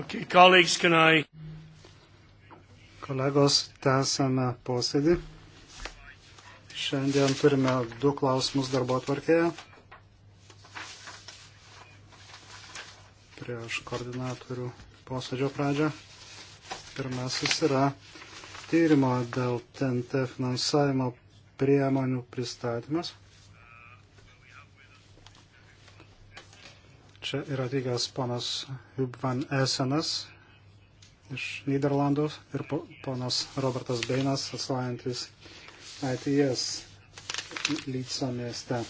Okay, colleagues, can I... Kolegos, tęsame posėdį. Šiandien turime du klausimus darbo atvarkėje. Prieš koordinatorių posėdžio pradžią. Pirmasis yra tyrimo dėl TNT finansavimo priemonių pristatymas. čia yra atvykęs ponas Hub van Esenas iš Niderlandų ir ponas Robertas Beinas, atstovaujantis ITS Lyco mieste.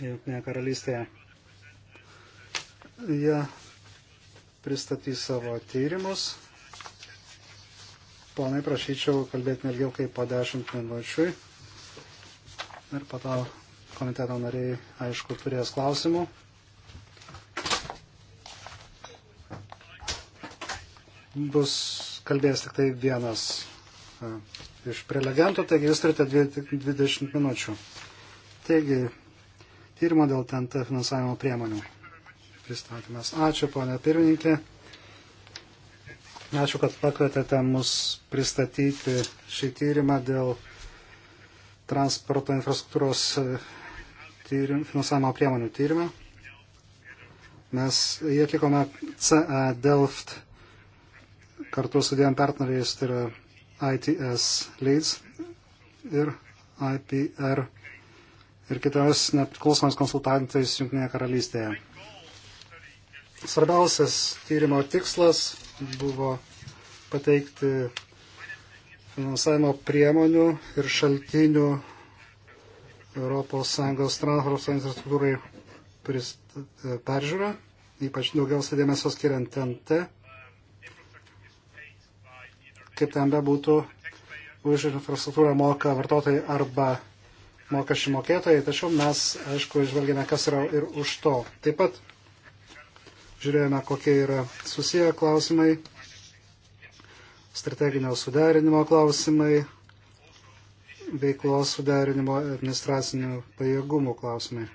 Junktinėje karalystėje. Jie pristatys savo tyrimus. Ponai, prašyčiau kalbėti nelgiau kaip po 10 minučių. Ir po to komiteto nariai, aišku, turės klausimų. Bus kalbės tik tai vienas e, iš prelegentų, taigi jūs turite 20 minučių. Taigi, tyrimo dėl TNT finansavimo priemonių pristatymas. Ačiū, ponė pirmininkė. Ačiū, kad pakvietėte mus pristatyti šį tyrimą dėl transporto infrastruktūros e, tyrim, finansavimo priemonių tyrimą. Mes jį atlikome CE Delft kartu su dviem partneriais, tai yra ITS Leads ir IPR ir kitos nepriklausomais konsultantais Junktinėje karalystėje. Svarbiausias tyrimo tikslas buvo pateikti finansavimo priemonių ir šaltinių ES transporto infrastruktūrai e, peržiūrą, ypač daugiausia dėmesio skiriant TNT. Kaip ten bebūtų, už infrastruktūrą moka vartotojai arba mokesčių mokėtojai, tačiau mes, aišku, išvelgėme, kas yra ir už to. Taip pat žiūrėjome, kokie yra susiję klausimai, strateginio suderinimo klausimai, veiklos suderinimo administracinių pajėgumų klausimai.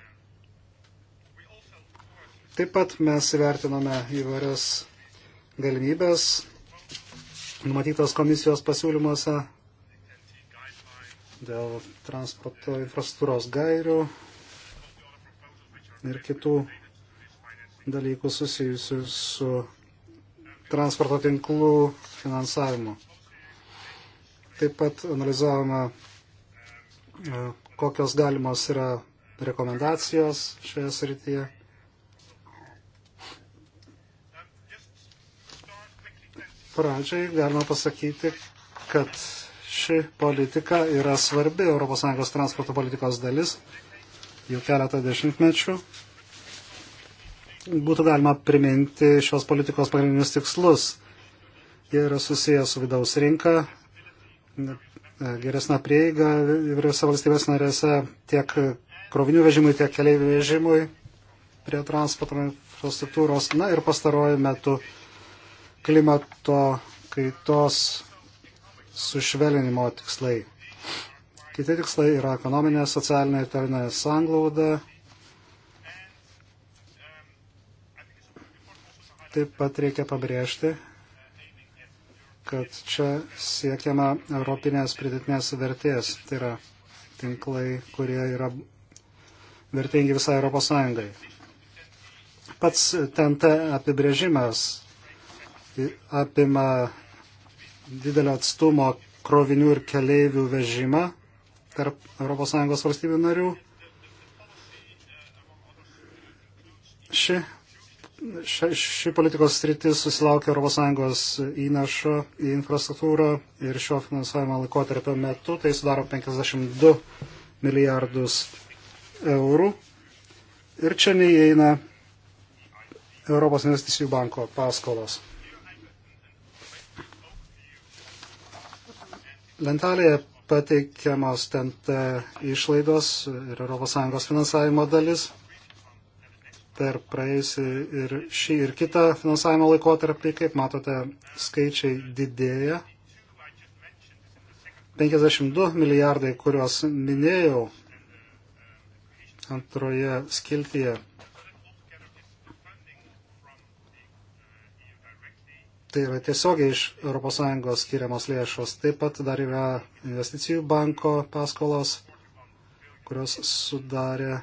Taip pat mes įvertinome įvairias galimybės numatytas komisijos pasiūlymuose dėl transporto infrastruktūros gairių ir kitų dalykų susijusių su transporto tinklų finansavimu. Taip pat analizavome E, kokios galimos yra rekomendacijos šioje srityje. Pradžiai galima pasakyti, kad ši politika yra svarbi ES transporto politikos dalis jau keletą dešimtmečių. Būtų galima priminti šios politikos pagrindinius tikslus. Jie yra susijęs su vidaus rinka, geresnę prieigą įvairiose valstybės narėse tiek krovinių vežimui, tiek keliaivių vežimui prie transporto infrastruktūros. Na ir pastaruoju metu klimato kaitos sušvelinimo tikslai. Kiti tikslai yra ekonominė, socialinė ir terinė sanglauda. Taip pat reikia pabrėžti, kad čia siekiama europinės pridėtinės vertės. Tai yra tinklai, kurie yra vertingi visai Europos Sąjungai. Pats TNT apibrėžimas apima didelio atstumo krovinių ir keleivių vežimą tarp ES valstybių narių. Ši ši, ši politikos sritis susilaukia ES įnašo į infrastruktūrą ir šio finansavimo laikotarpio metu tai sudaro 52 milijardus eurų. Ir čia neįeina Europos investicijų banko paskolos. Lentelėje pateikiamos ten išlaidos ir ES finansavimo dalis per praėjusį ir šį ir kitą finansavimo laikotarpį, kaip matote, skaičiai didėja. 52 milijardai, kuriuos minėjau antroje skiltyje. Tai yra tiesiogiai iš ES skiriamos lėšos. Taip pat dar yra investicijų banko paskolos, kurios sudarė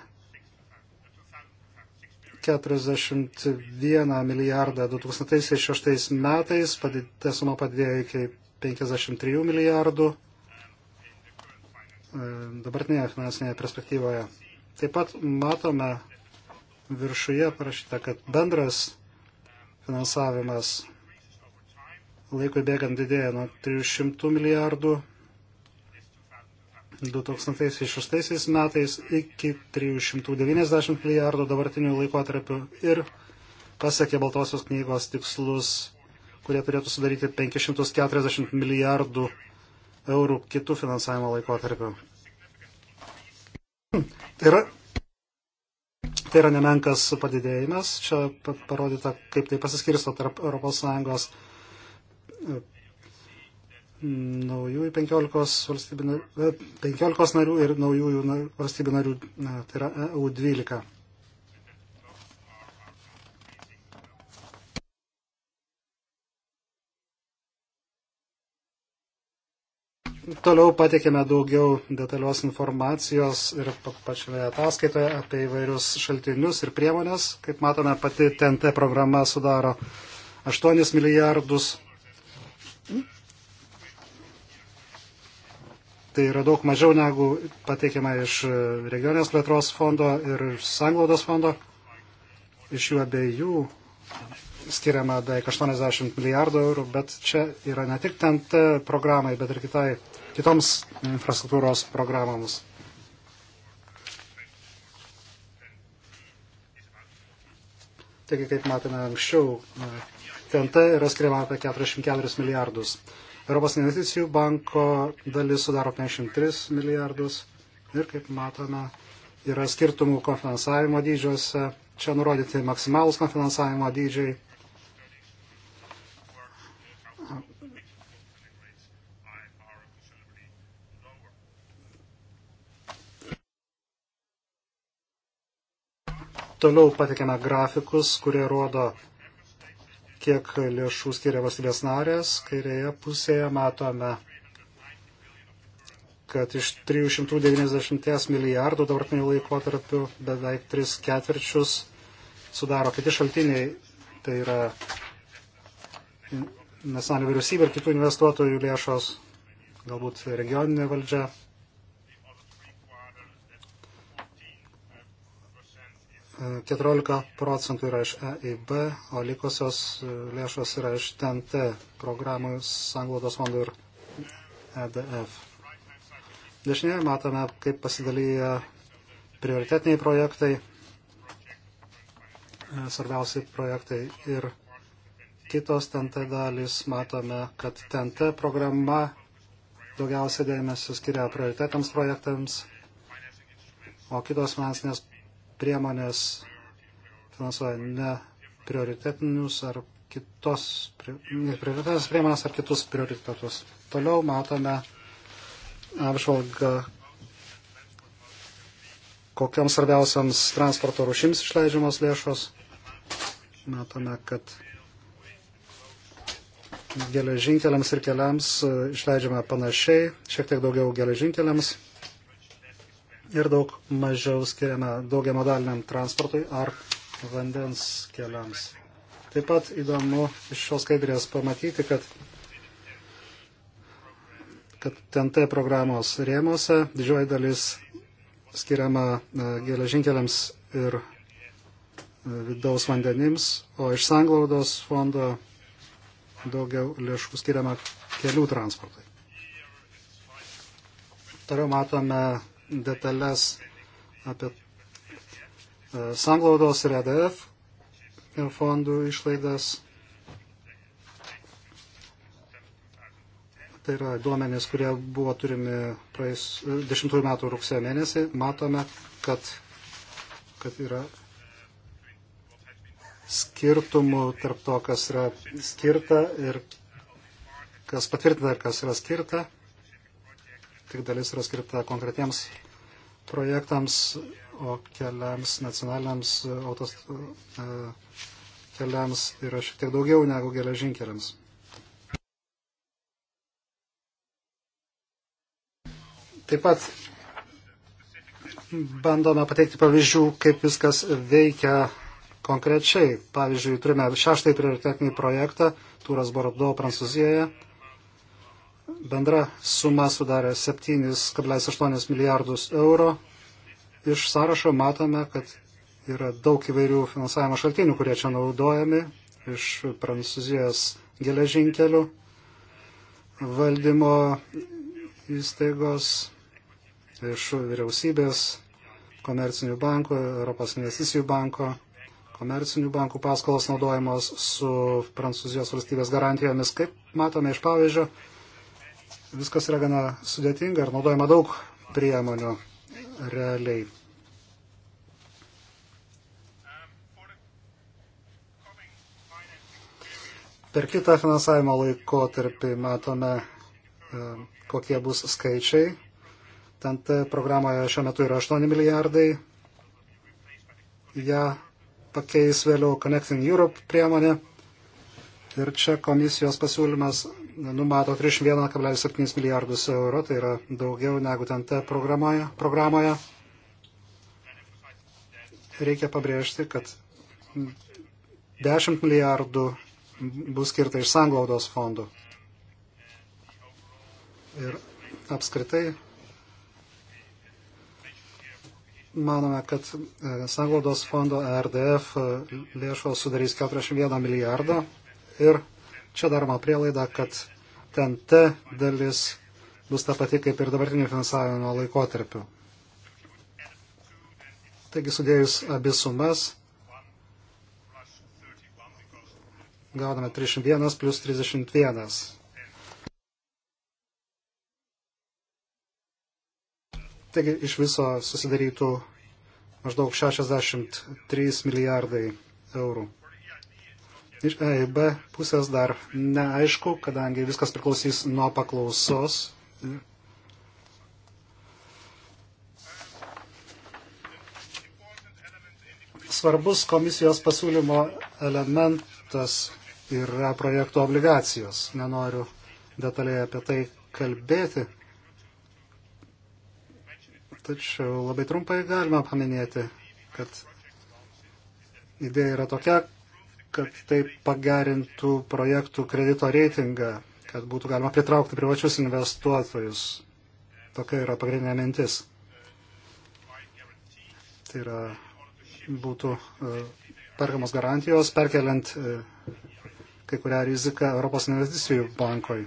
41 milijardą 2006 metais, ta suma padėjo iki 53 milijardų e, dabartinėje finansinėje perspektyvoje. Taip pat matome viršuje parašyta, kad bendras finansavimas laikui bėgant didėja nuo 300 milijardų 2006 metais iki 390 milijardų dabartinių laikotarpių ir pasiekė Baltosios knygos tikslus, kurie turėtų sudaryti 540 milijardų eurų kitų finansavimo laikotarpių. Tai yra, tai yra nemenkas padidėjimas. Čia parodyta, kaip tai pasiskirsto tarp ES naujųjų 15, 15 e, narių ir naujųjų valstybių narių, tai yra EU12. Toliau pateikėme daugiau detalios informacijos ir pačioje ataskaitoje apie įvairius šaltinius ir priemonės. Kaip matome, pati TNT programa sudaro 8 milijardus Tai yra daug mažiau negu pateikiama iš regionės plėtros fondo ir sanglaudos fondo. Iš jų abiejų skiriama beveik 80 milijardų eurų, bet čia yra ne tik ten programai, bet ir kitai, kitoms infrastruktūros programoms. Taigi, kaip matėme anksčiau, TNT yra skiriama apie 44 milijardus. Europos investicijų banko dalis sudaro 53 milijardus ir, kaip matome, yra skirtumų kofinansavimo dydžiuose. Čia nurodyti maksimalus kofinansavimo dydžiai. Toliau patikėme grafikus, kurie rodo kiek lėšų skiria valstybės narės. Kairėje pusėje matome, kad iš 390 milijardų dabartinių laikotarpių beveik 3 ketvirčius sudaro kiti šaltiniai, tai yra nacionalinė vyriausybė ir kitų investuotojų lėšos, galbūt regioninė valdžia, 14 procentų yra iš EIB, o likusios e, lėšos yra iš TNT programų Sanglaudos fondų ir EDF. Dešinėje matome, kaip pasidalyja prioritetiniai projektai, e, svarbiausi projektai ir kitos TNT dalys. Matome, kad TNT programa daugiausiai dėmesio skiria prioritetams projektams, o kitos finansinės priemonės finansuoja ne prioritetinius ar kitos prioritetas priemonės ar kitus prioritetus. Toliau matome apžvalgą, kokiams svarbiausiams transporto rušims išleidžiamos lėšos. Matome, kad geležinkeliams ir keliams išleidžiama panašiai, šiek tiek daugiau geležinkeliams ir daug mažiau skiriame daugia modaliniam transportui ar vandens keliams. Taip pat įdomu iš šios skaidrės pamatyti, kad kad TNT programos rėmose didžioji dalis skiriama e, geležinkeliams ir e, vidaus vandenims, o iš sanglaudos fondo daugiau lėšų skiriama kelių transportui. Toliau matome detalės apie e, sanglaudos ir EDF fondų išlaidas. Tai yra duomenys, kurie buvo turimi praeis 10 e, metų rugsėjo mėnesį. Matome, kad, kad yra skirtumų tarp to, kas yra skirta ir kas patvirtina ir kas yra skirta tik dalis yra skirta konkretiems projektams, o keliams nacionaliniams e, autos e, keliams yra šiek tiek daugiau negu geležinkeliams. Taip pat bandome pateikti pavyzdžių, kaip viskas veikia konkrečiai. Pavyzdžiui, turime šeštąjį prioritetinį projektą Turas Bordo Prancūzijoje bendra suma sudarė 7,8 milijardus eurų. Iš sąrašo matome, kad yra daug įvairių finansavimo šaltinių, kurie čia naudojami iš Prancūzijos geležinkelių valdymo įstaigos, iš vyriausybės, komercinių bankų, Europos investicijų banko, komercinių bankų paskolos naudojamos su Prancūzijos valstybės garantijomis. Kaip matome iš pavyzdžio, viskas yra gana sudėtinga ir naudojama daug priemonių realiai. Per kitą finansavimo laikotarpį matome, e, kokie bus skaičiai. Ten programoje šiuo metu yra 8 milijardai. Ja pakeis vėliau Connecting Europe priemonė. Ir čia komisijos pasiūlymas numato 31,7 milijardus eurų, tai yra daugiau negu ten te programoje. programoje. Reikia pabrėžti, kad 10 milijardų bus skirta iš sanglaudos fondų. Ir apskritai manome, kad e, sanglaudos fondo e RDF e, lėšos sudarys 41 milijardą ir Čia daroma prielaida, kad ten T dalis bus ta pati kaip ir dabartinio finansavimo laikotarpiu. Taigi sudėjus abi sumas gauname 31 plus 31. Taigi iš viso susidarytų maždaug 63 milijardai eurų. Iš EIB pusės dar neaišku, kadangi viskas priklausys nuo paklausos. Svarbus komisijos pasiūlymo elementas yra projektų obligacijos. Nenoriu detaliai apie tai kalbėti. Tačiau labai trumpai galima paminėti, kad idėja yra tokia, kad tai pagerintų projektų kredito reitingą, kad būtų galima pritraukti privačius investuotojus. Tokia yra pagrindinė mintis. Tai yra būtų e, perkamos garantijos, perkeliant e, kai kurią riziką Europos investicijų bankoj.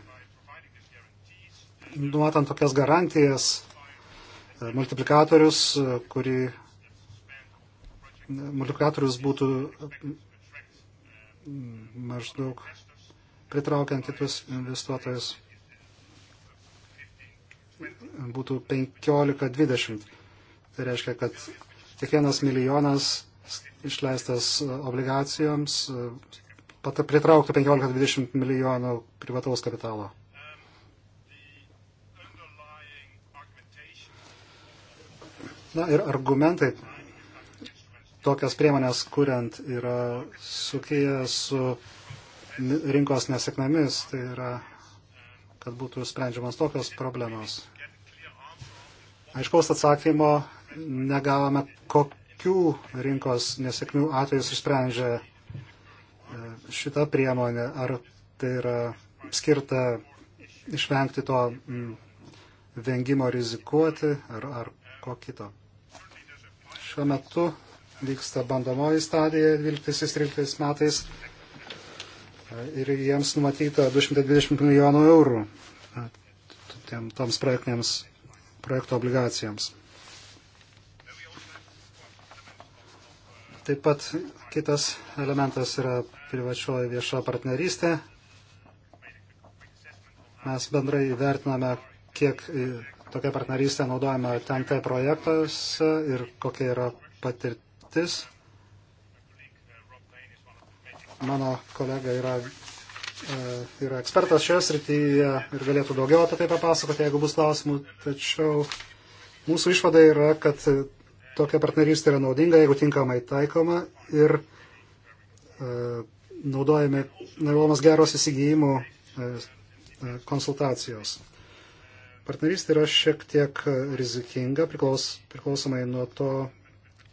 Numatant tokias garantijas, e, multiplikatorius, kurį multiplikatorius būtų maždaug pritraukiant kitus investuotojus būtų 15-20. Tai reiškia, kad kiekvienas milijonas išleistas obligacijoms e, pritrauktų 15-20 milijonų privataus kapitalo. Na ir argumentai tokias priemonės kuriant yra sukiję su rinkos nesėkmėmis, tai yra, kad būtų sprendžiamas tokios problemos. Aiškaus atsakymo negavome, kokių rinkos nesėkmių atvejus išsprendžia e, šita priemonė, ar tai yra skirta išvengti to vengimo rizikuoti, ar, ar ko kito. Šiuo metu vyksta bandomoji stadija 12-13 metais e, ir jiems numatyta 220 milijonų eurų e, tiem, toms projektiniams projekto obligacijams. Taip pat kitas elementas yra privačioji vieša partnerystė. Mes bendrai vertiname, kiek tokia partnerystė naudojama TNT projektuose ir kokia yra patir, paslaptis. Mano kolega yra, e, yra ekspertas šioje srityje ir galėtų daugiau apie tai papasakoti, jeigu bus klausimų. Tačiau mūsų išvada yra, kad tokia partnerystė yra naudinga, jeigu tinkamai taikoma ir e, naudojami, naudojamas geros įsigijimų e, konsultacijos. Partnerystė yra šiek tiek rizikinga, priklaus, priklausomai nuo to,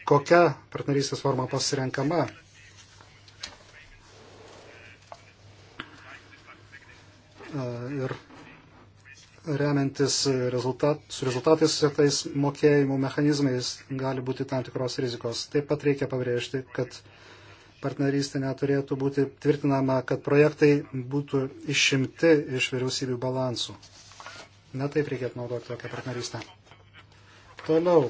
kokia partnerystės forma pasirenkama. Ir remiantis rezultat, su rezultatais ir tais mokėjimų mechanizmais gali būti tam tikros rizikos. Taip pat reikia pabrėžti, kad partnerystė neturėtų būti tvirtinama, kad projektai būtų išimti iš vyriausybių balansų. Netaip reikėtų naudoti tokią partnerystę. Toliau,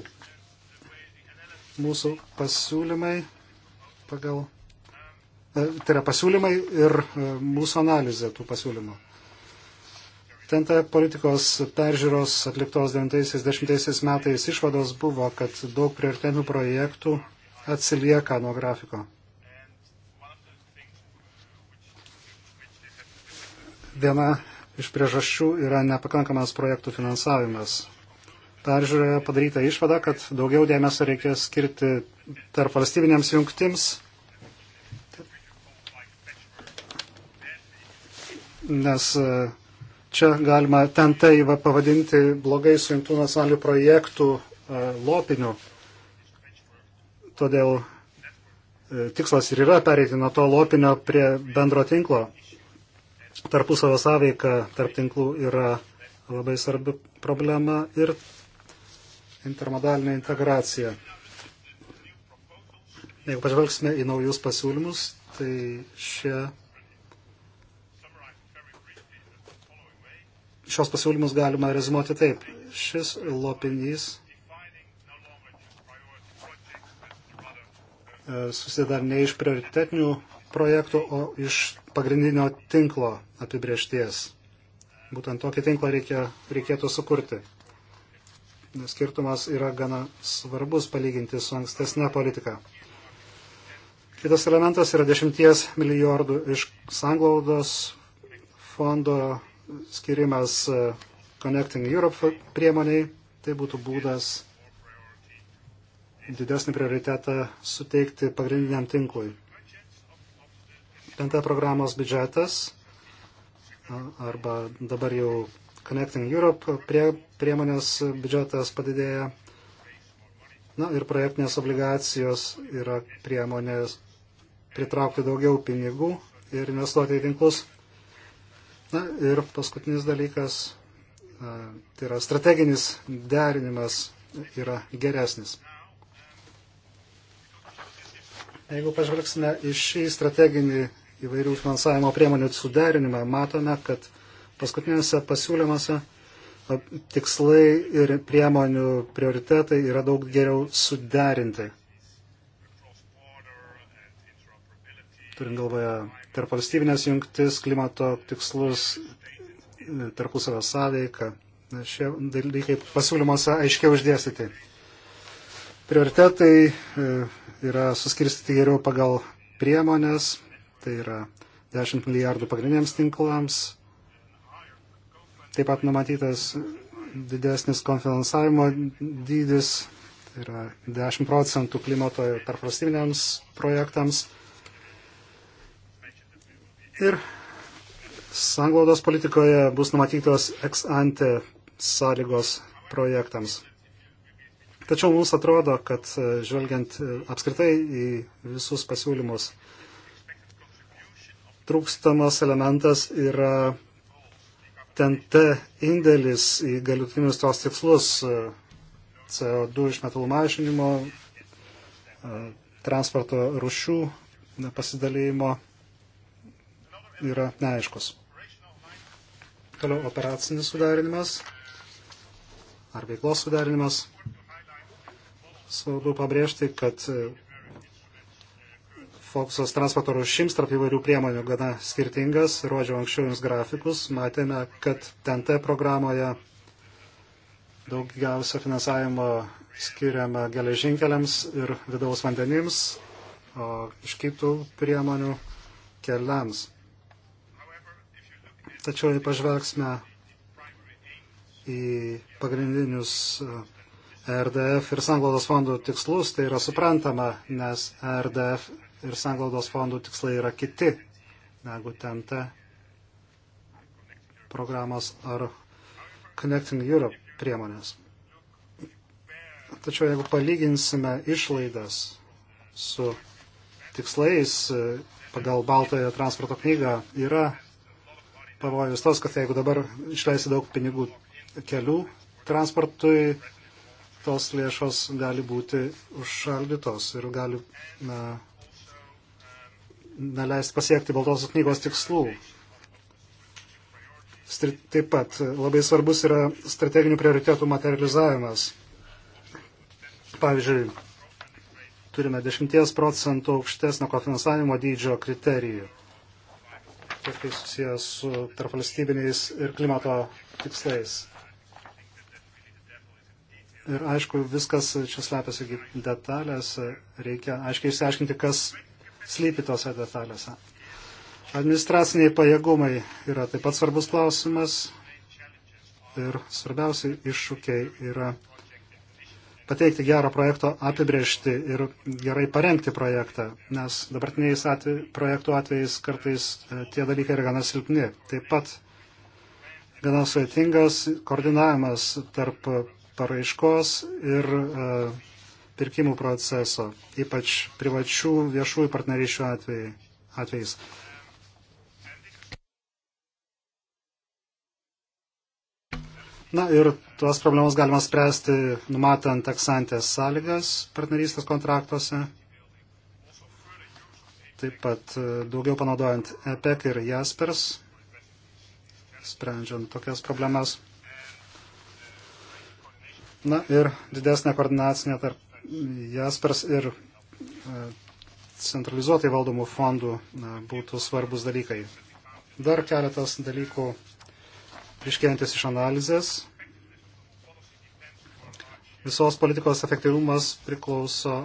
mūsų pasiūlymai pagal. E, tai yra pasiūlymai ir e, mūsų analizė tų pasiūlymų. TNT politikos peržiūros atliktos 90 metais išvados buvo, kad daug prioritetinių projektų atsilieka nuo grafiko. Viena iš priežasčių yra nepakankamas projektų finansavimas peržiūroje padaryta išvada, kad daugiau dėmesio reikės skirti tarp valstybinėms jungtims, nes e, čia galima ten tai pavadinti blogai sujungtų nacionalinių projektų e, lopiniu. Todėl e, tikslas ir yra pereiti nuo to lopinio prie bendro tinklo. Tarpusavio sąveika tarp tinklų yra labai svarbi problema ir intermodalinę integraciją. Jeigu pažvelgsime į naujus pasiūlymus, tai šie, šios pasiūlymus galima rezumuoti taip. Šis lopinys e, susideda ne iš prioritetinių projektų, o iš pagrindinio tinklo apibriešties. Būtent tokį tinklą reikia, reikėtų sukurti skirtumas yra gana svarbus palyginti su ankstesne politika. Kitas elementas yra 10 milijardų iš sanglaudos fondo skirimas e, Connecting Europe priemoniai. Tai būtų būdas didesnį prioritetą suteikti pagrindiniam tinklui. Penta programos biudžetas arba dabar jau Connecting Europe prie, priemonės biudžetas padidėja. Na ir projektinės obligacijos yra priemonės pritraukti daugiau pinigų ir investuoti į tinklus. Na ir paskutinis dalykas, tai yra strateginis derinimas yra geresnis. Jeigu pažvelgsime į šį strateginį įvairių finansavimo priemonių suderinimą, matome, kad Paskutinėse pasiūlymuose tikslai ir priemonių prioritetai yra daug geriau suderinti. Turint galvoje tarp valstybinės jungtis, klimato tikslus, tarpusavio sąveiką. Šie dalykai pasiūlymuose aiškiau uždėstyti. Prioritetai e, yra suskirstyti geriau pagal priemonės, tai yra 10 milijardų pagrindiniams tinklams, Taip pat numatytas didesnis konfinansavimo dydis, tai yra 10 procentų klimato tarprastybiniams projektams. Ir sanglaudos politikoje bus numatytos ex ante sąlygos projektams. Tačiau mums atrodo, kad e, žvelgiant e, apskritai į visus pasiūlymus, trūkstamas elementas yra TNT indėlis į galutinius tos tikslus e, CO2 išmetalų mažinimo, e, transporto rušių pasidalymo yra neaiškus. Toliau operacinis sudarinimas ar veiklos sudarinimas. Svarbu pabrėžti, kad e, fokusas transporto rušims tarp įvairių priemonių gana skirtingas. Rodžiau anksčiau jums grafikus. Matėme, kad TNT programoje daugiausia finansavimo skiriama geležinkeliams ir vidaus vandenims, o iš kitų priemonių keliams. Tačiau jei pažvelgsime į pagrindinius e, RDF ir sanglaudos fondų tikslus, tai yra suprantama, nes RDF ir sanglaudos fondų tikslai yra kiti negu TNT programos ar Connecting Europe priemonės. Tačiau jeigu palyginsime išlaidas su tikslais e, pagal Baltąją transporto knygą, yra pavojus tos, kad jeigu dabar išleisi daug pinigų kelių transportui, tos lėšos gali būti užšaldytos ir gali na, neleisti pasiekti Baltosios knygos tikslų. Taip pat labai svarbus yra strateginių prioritėtų materializavimas. Pavyzdžiui, turime 10 procentų aukštesnio kofinansavimo dydžio kriterijų. Ir tai susijęs su tarpvalstybiniais ir klimato tikslais. Ir aišku, viskas čia slepiasi detalės, reikia aiškiai išsiaiškinti, kas slypi tose detalėse. Administraciniai pajėgumai yra taip pat svarbus klausimas ir svarbiausi iššūkiai yra pateikti gerą projekto apibriežti ir gerai parengti projektą, nes dabartiniais atve, projektų atvejais kartais e, tie dalykai yra gana silpni. Taip pat gana sudėtingas koordinavimas tarp paraiškos ir uh, pirkimų proceso, ypač privačių viešųjų partnerysčių atvej, atvejais. Na ir tuos problemus galima spręsti numatant aksantės sąlygas partnerystės kontraktuose, taip pat e, daugiau panaudojant EPEC ir JASPERS, sprendžiant tokias problemas. Na ir didesnė koordinacinė tarp Jaspers ir e, centralizuotai valdomų fondų e, būtų svarbus dalykai. Dar keletas dalykų iškėjantis iš analizės. Visos politikos efektyvumas priklauso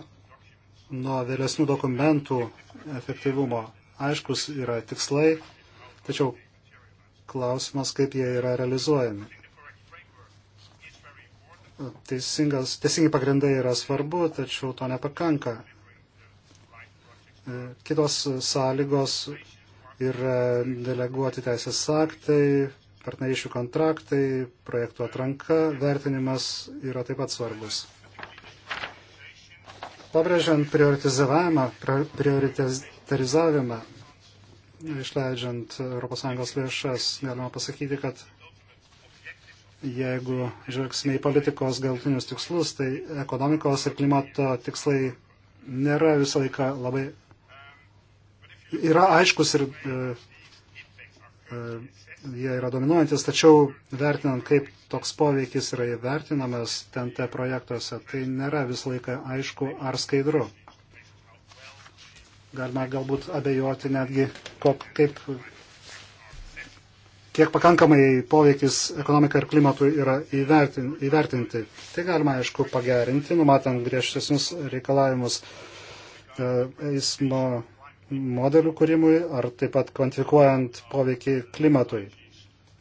nuo vėlesnių dokumentų efektyvumo. Aiškus yra tikslai, tačiau klausimas, kaip jie yra realizuojami teisingas, teisingi pagrindai yra svarbu, tačiau to nepakanka. E, kitos sąlygos yra deleguoti teisės aktai, partnerysčių kontraktai, projektų atranka, vertinimas yra taip pat svarbus. Pabrėžiant prioritizavimą, prioritizavimą, išleidžiant ES lėšas, galima pasakyti, kad jeigu žvelgsime į politikos galtinius tikslus, tai ekonomikos ir klimato tikslai nėra visą laiką labai. yra aiškus ir e, e, jie yra dominuojantis, tačiau vertinant, kaip toks poveikis yra įvertinamas TNT projektuose, tai nėra visą laiką aišku ar skaidru. Galima galbūt abejoti netgi, kop, kaip kiek pakankamai poveikis ekonomikai ir klimatui yra įvertinti. Tai galima, aišku, pagerinti, numatant griežtesnius reikalavimus e, eismo modelių kūrimui ar taip pat kvantifikuojant poveikį klimatui.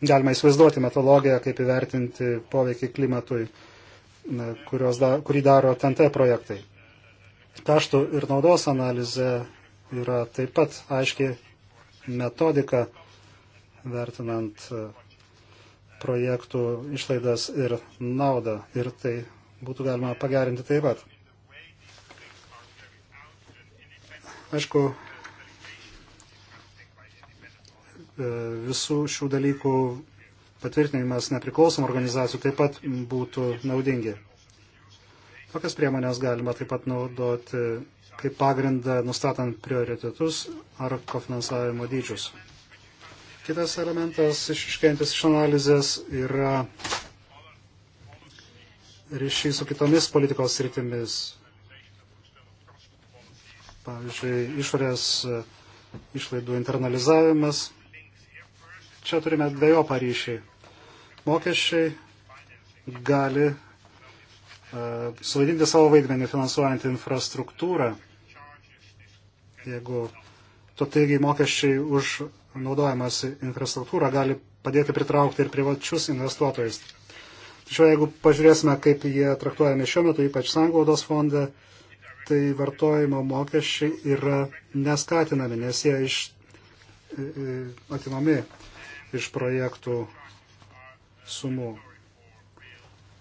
Galima įsivaizduoti metodologiją, kaip įvertinti poveikį klimatui, da, kurį daro TNT projektai. Kaštų ir naudos analizė yra taip pat aiškiai metodika vertinant e, projektų išlaidas ir naudą. Ir tai būtų galima pagerinti taip pat. Aišku, e, visų šių dalykų patvirtinimas nepriklausomų organizacijų taip pat būtų naudingi. Tokias priemonės galima taip pat naudoti kaip pagrindą nustatant prioritetus ar kofinansavimo dydžius. Kitas elementas išiškėjantis iš analizės yra ryšys su kitomis politikos rytimis. Pavyzdžiui, išorės e, išlaidų internalizavimas. Čia turime dviejopą ryšį. Mokesčiai gali uh, suvaidinti savo vaidmenį finansuojant infrastruktūrą. Jeigu to teigiai mokesčiai už naudojimas infrastruktūra gali padėti pritraukti ir privačius investuotojus. Tačiau jeigu pažiūrėsime, kaip jie traktuojami šiuo metu, ypač sanglaudos fonde, tai vartojimo mokesčiai yra neskatinami, nes jie iš, atimami iš projektų sumų.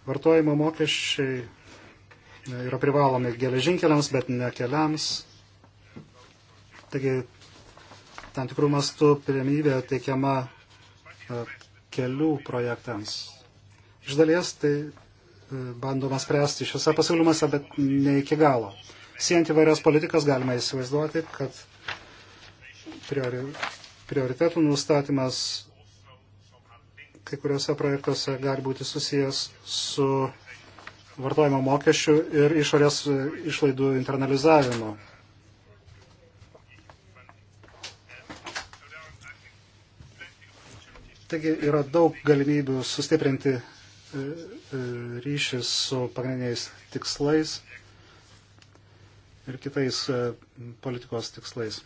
Vartojimo mokesčiai yra privalomi geležinkeliams, bet ne keliams. Taigi tam tikrų mastų pirmybė teikiama e, kelių projektams. Iš dalies tai e, bandoma spręsti šiuose pasiūlymuose, bet ne iki galo. Siejant įvairias politikas galima įsivaizduoti, kad priori, prioritetų nustatymas kai kuriuose projektuose gali būti susijęs su vartojimo mokesčių ir išorės e, išlaidų internalizavimu. Taigi yra daug galimybių sustiprinti e, e, ryšį su pagrindiniais tikslais ir kitais e, politikos tikslais.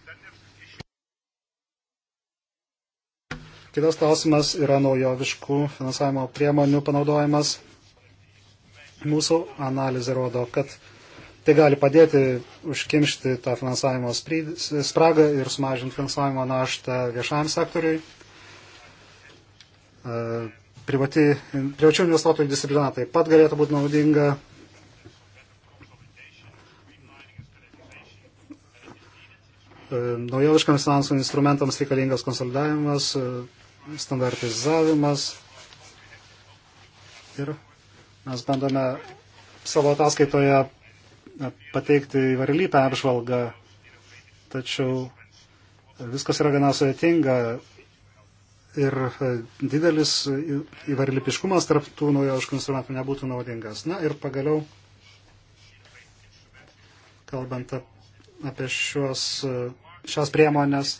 Kitas klausimas yra naujoviškų finansavimo priemonių panaudojimas. Mūsų analizė rodo, kad tai gali padėti užkimšti tą finansavimo spragą ir sumažinti finansavimo naštą viešam sektoriui E, privati, privačių investuotojų disciplina taip pat galėtų būti naudinga. E, Naujoviškams finansų instrumentams reikalingas konsolidavimas, e, standartizavimas ir mes bandome savo ataskaitoje pateikti įvarylytą apžvalgą, tačiau viskas yra gana sudėtinga ir e, didelis įvarlipiškumas tarp tų naujoviškų instrumentų nebūtų naudingas. Na ir pagaliau, kalbant apie šios, e, šios priemonės,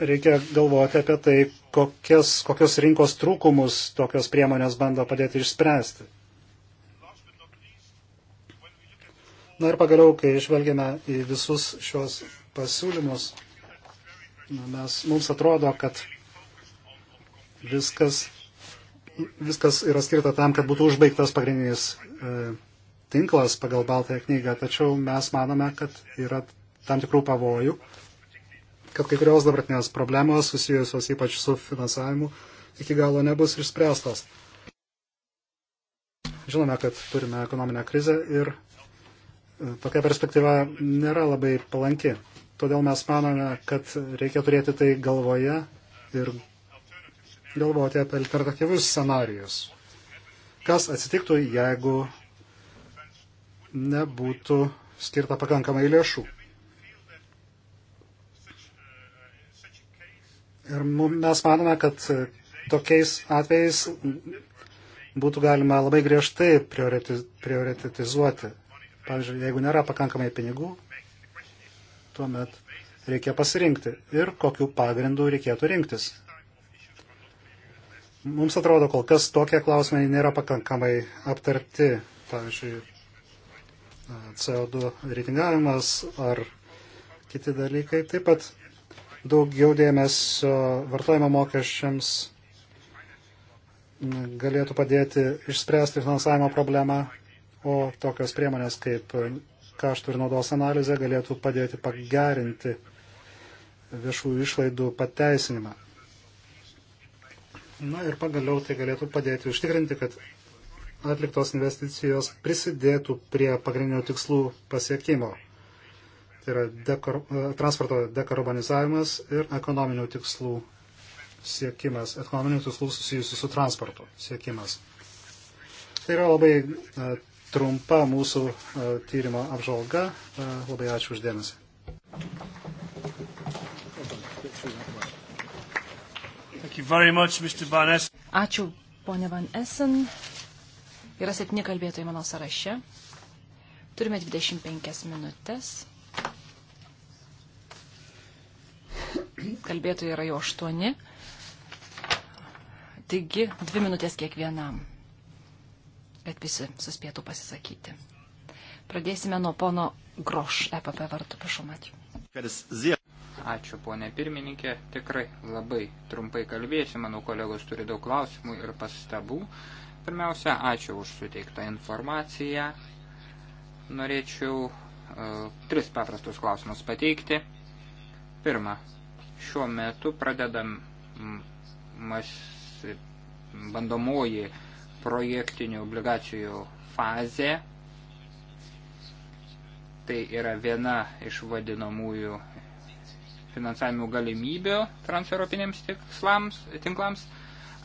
reikia galvoti apie tai, kokias, kokios rinkos trūkumus tokios priemonės bando padėti išspręsti. Na ir pagaliau, kai išvelgėme į visus šios pasiūlymus, Mes, mums atrodo, kad viskas, viskas yra skirta tam, kad būtų užbaigtas pagrindinis e, tinklas pagal Baltąją knygą, tačiau mes manome, kad yra tam tikrų pavojų, kad kai kurios dabartinės problemos susijusios ypač su finansavimu iki galo nebus išspręstos. Žinome, kad turime ekonominę krizę ir e, tokia perspektyva nėra labai palanki. Todėl mes manome, kad reikia turėti tai galvoje ir galvoti apie alternatyvius scenarius. Kas atsitiktų, jeigu nebūtų skirta pakankamai lėšų. Ir mes manome, kad tokiais atvejais būtų galima labai griežtai prioritizuoti. Pavyzdžiui, jeigu nėra pakankamai pinigų, tuomet reikia pasirinkti ir kokiu pagrindu reikėtų rinktis. Mums atrodo, kol kas tokie klausimai nėra pakankamai aptarti, pavyzdžiui, CO2 reitingavimas ar kiti dalykai. Taip pat daugiau dėmesio vartojimo mokesčiams galėtų padėti išspręsti finansavimo problemą, o tokios priemonės kaip kaštų ir naudos analizė galėtų padėti pagerinti viešųjų išlaidų pateisinimą. Na ir pagaliau tai galėtų padėti užtikrinti, kad atliktos investicijos prisidėtų prie pagrindinių tikslų pasiekimo. Tai yra dekor, e, transporto dekarbonizavimas ir ekonominių tikslų siekimas, ekonominių tikslų susijusių su transportu siekimas. Tai yra labai e, trumpa mūsų e, tyrimo apžvalga. E, labai ačiū uždėmesi. Much, ačiū, ponė Van Essen. Yra septyni kalbėtojai mano sąraše. Turime 25 minutės. Kalbėtojai yra jau aštuoni. Taigi, dvi minutės kiekvienam kad visi suspėtų pasisakyti. Pradėsime nuo pono Groš, EPP vartų, prašau, Matiu. Ačiū, ponė pirmininkė. Tikrai labai trumpai kalbėsiu. Manau, kolegos turi daug klausimų ir pastabų. Pirmiausia, ačiū už suteiktą informaciją. Norėčiau uh, tris paprastus klausimus pateikti. Pirma, šiuo metu pradedam mas bandomoji uh, projektinių obligacijų fazė. Tai yra viena iš vadinamųjų finansavimo galimybių transeuropiniams tikslams, tinklams.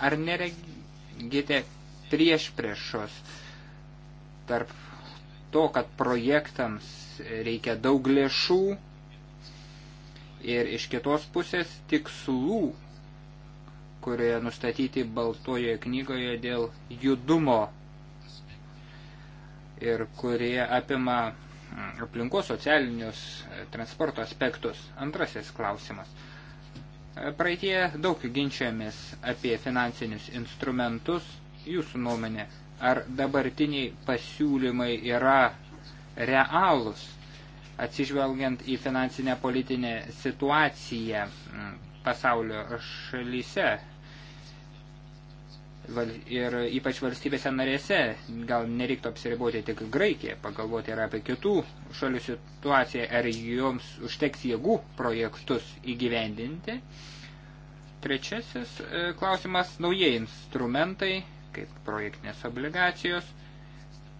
Ar neregite prieš priešos tarp to, kad projektams reikia daug lėšų ir iš kitos pusės tikslų kurioje nustatyti baltojoje knygoje dėl judumo ir kurie apima mm, aplinkos socialinius e, transporto aspektus. Antrasis klausimas. E, praeitie daug ginčiamės apie finansinius instrumentus. Jūsų nuomonė, ar dabartiniai pasiūlymai yra realūs, atsižvelgiant į finansinę politinę situaciją mm, pasaulio šalyse, ir ypač valstybėse narėse, gal nereiktų apsiriboti tik Graikiją, pagalvoti ir apie kitų šalių situaciją, ar joms užteks jėgų projektus įgyvendinti. Trečiasis e, klausimas - naujieji instrumentai, kaip projektinės obligacijos.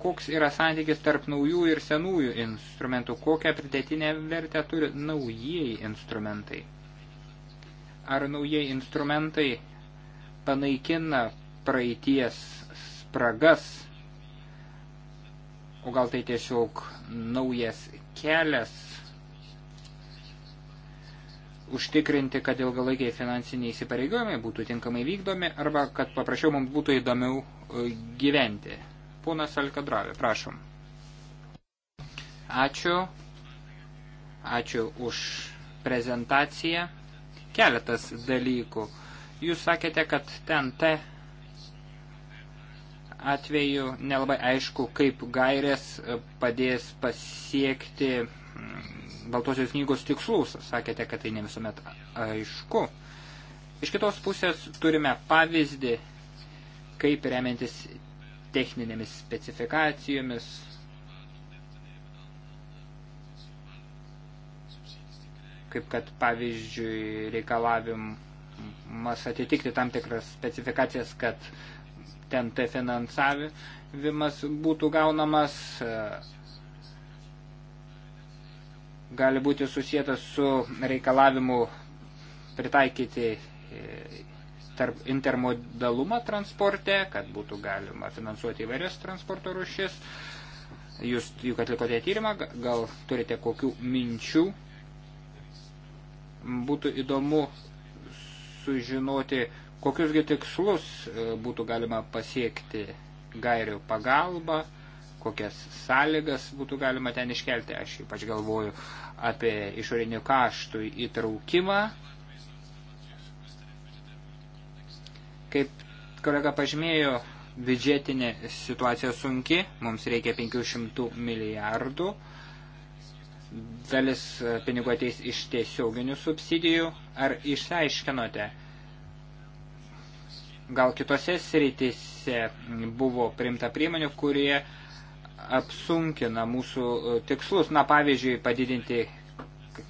Koks yra santykis tarp naujų ir senųjų instrumentų? Kokią pridėtinę vertę turi naujieji instrumentai? Ar naujieji instrumentai panaikina praeities spragas, o gal tai tiesiog naujas kelias užtikrinti, kad ilgalaikiai finansiniai įsipareigojimai būtų tinkamai vykdomi arba kad paprašiau mums būtų įdomiau e, gyventi. Ponas Alkadravė, prašom. Ačiū. Ačiū už prezentaciją. Keletas dalykų. Jūs sakėte, kad ten te atveju nelabai aišku, kaip gairės e, padės pasiekti Baltosios knygos tikslus. Sakėte, kad tai ne visuomet aišku. Iš kitos pusės turime pavyzdį, kaip remiantis techninėmis specifikacijomis. Kaip kad pavyzdžiui reikalavimas atitikti tam tikras specifikacijas, kad ten tai finansavimas būtų gaunamas, e, gali būti susijęs su reikalavimu pritaikyti e, tarp intermodalumą transporte, kad būtų galima finansuoti įvairias transporto rušis. Jūs juk atlikote tyrimą, gal turite kokių minčių. Būtų įdomu sužinoti, Kokiusgi tikslus e, būtų galima pasiekti gairių pagalba, kokias sąlygas būtų galima ten iškelti. Aš ypač galvoju apie išorinių kaštų įtraukimą. Kaip kolega pažymėjo, biudžetinė situacija sunki, mums reikia 500 milijardų, dalis pinigų ateis iš tiesioginių subsidijų. Ar išsiaiškinote, gal kitose sritise buvo primta priemonių, kurie apsunkina mūsų e, tikslus. Na, pavyzdžiui, padidinti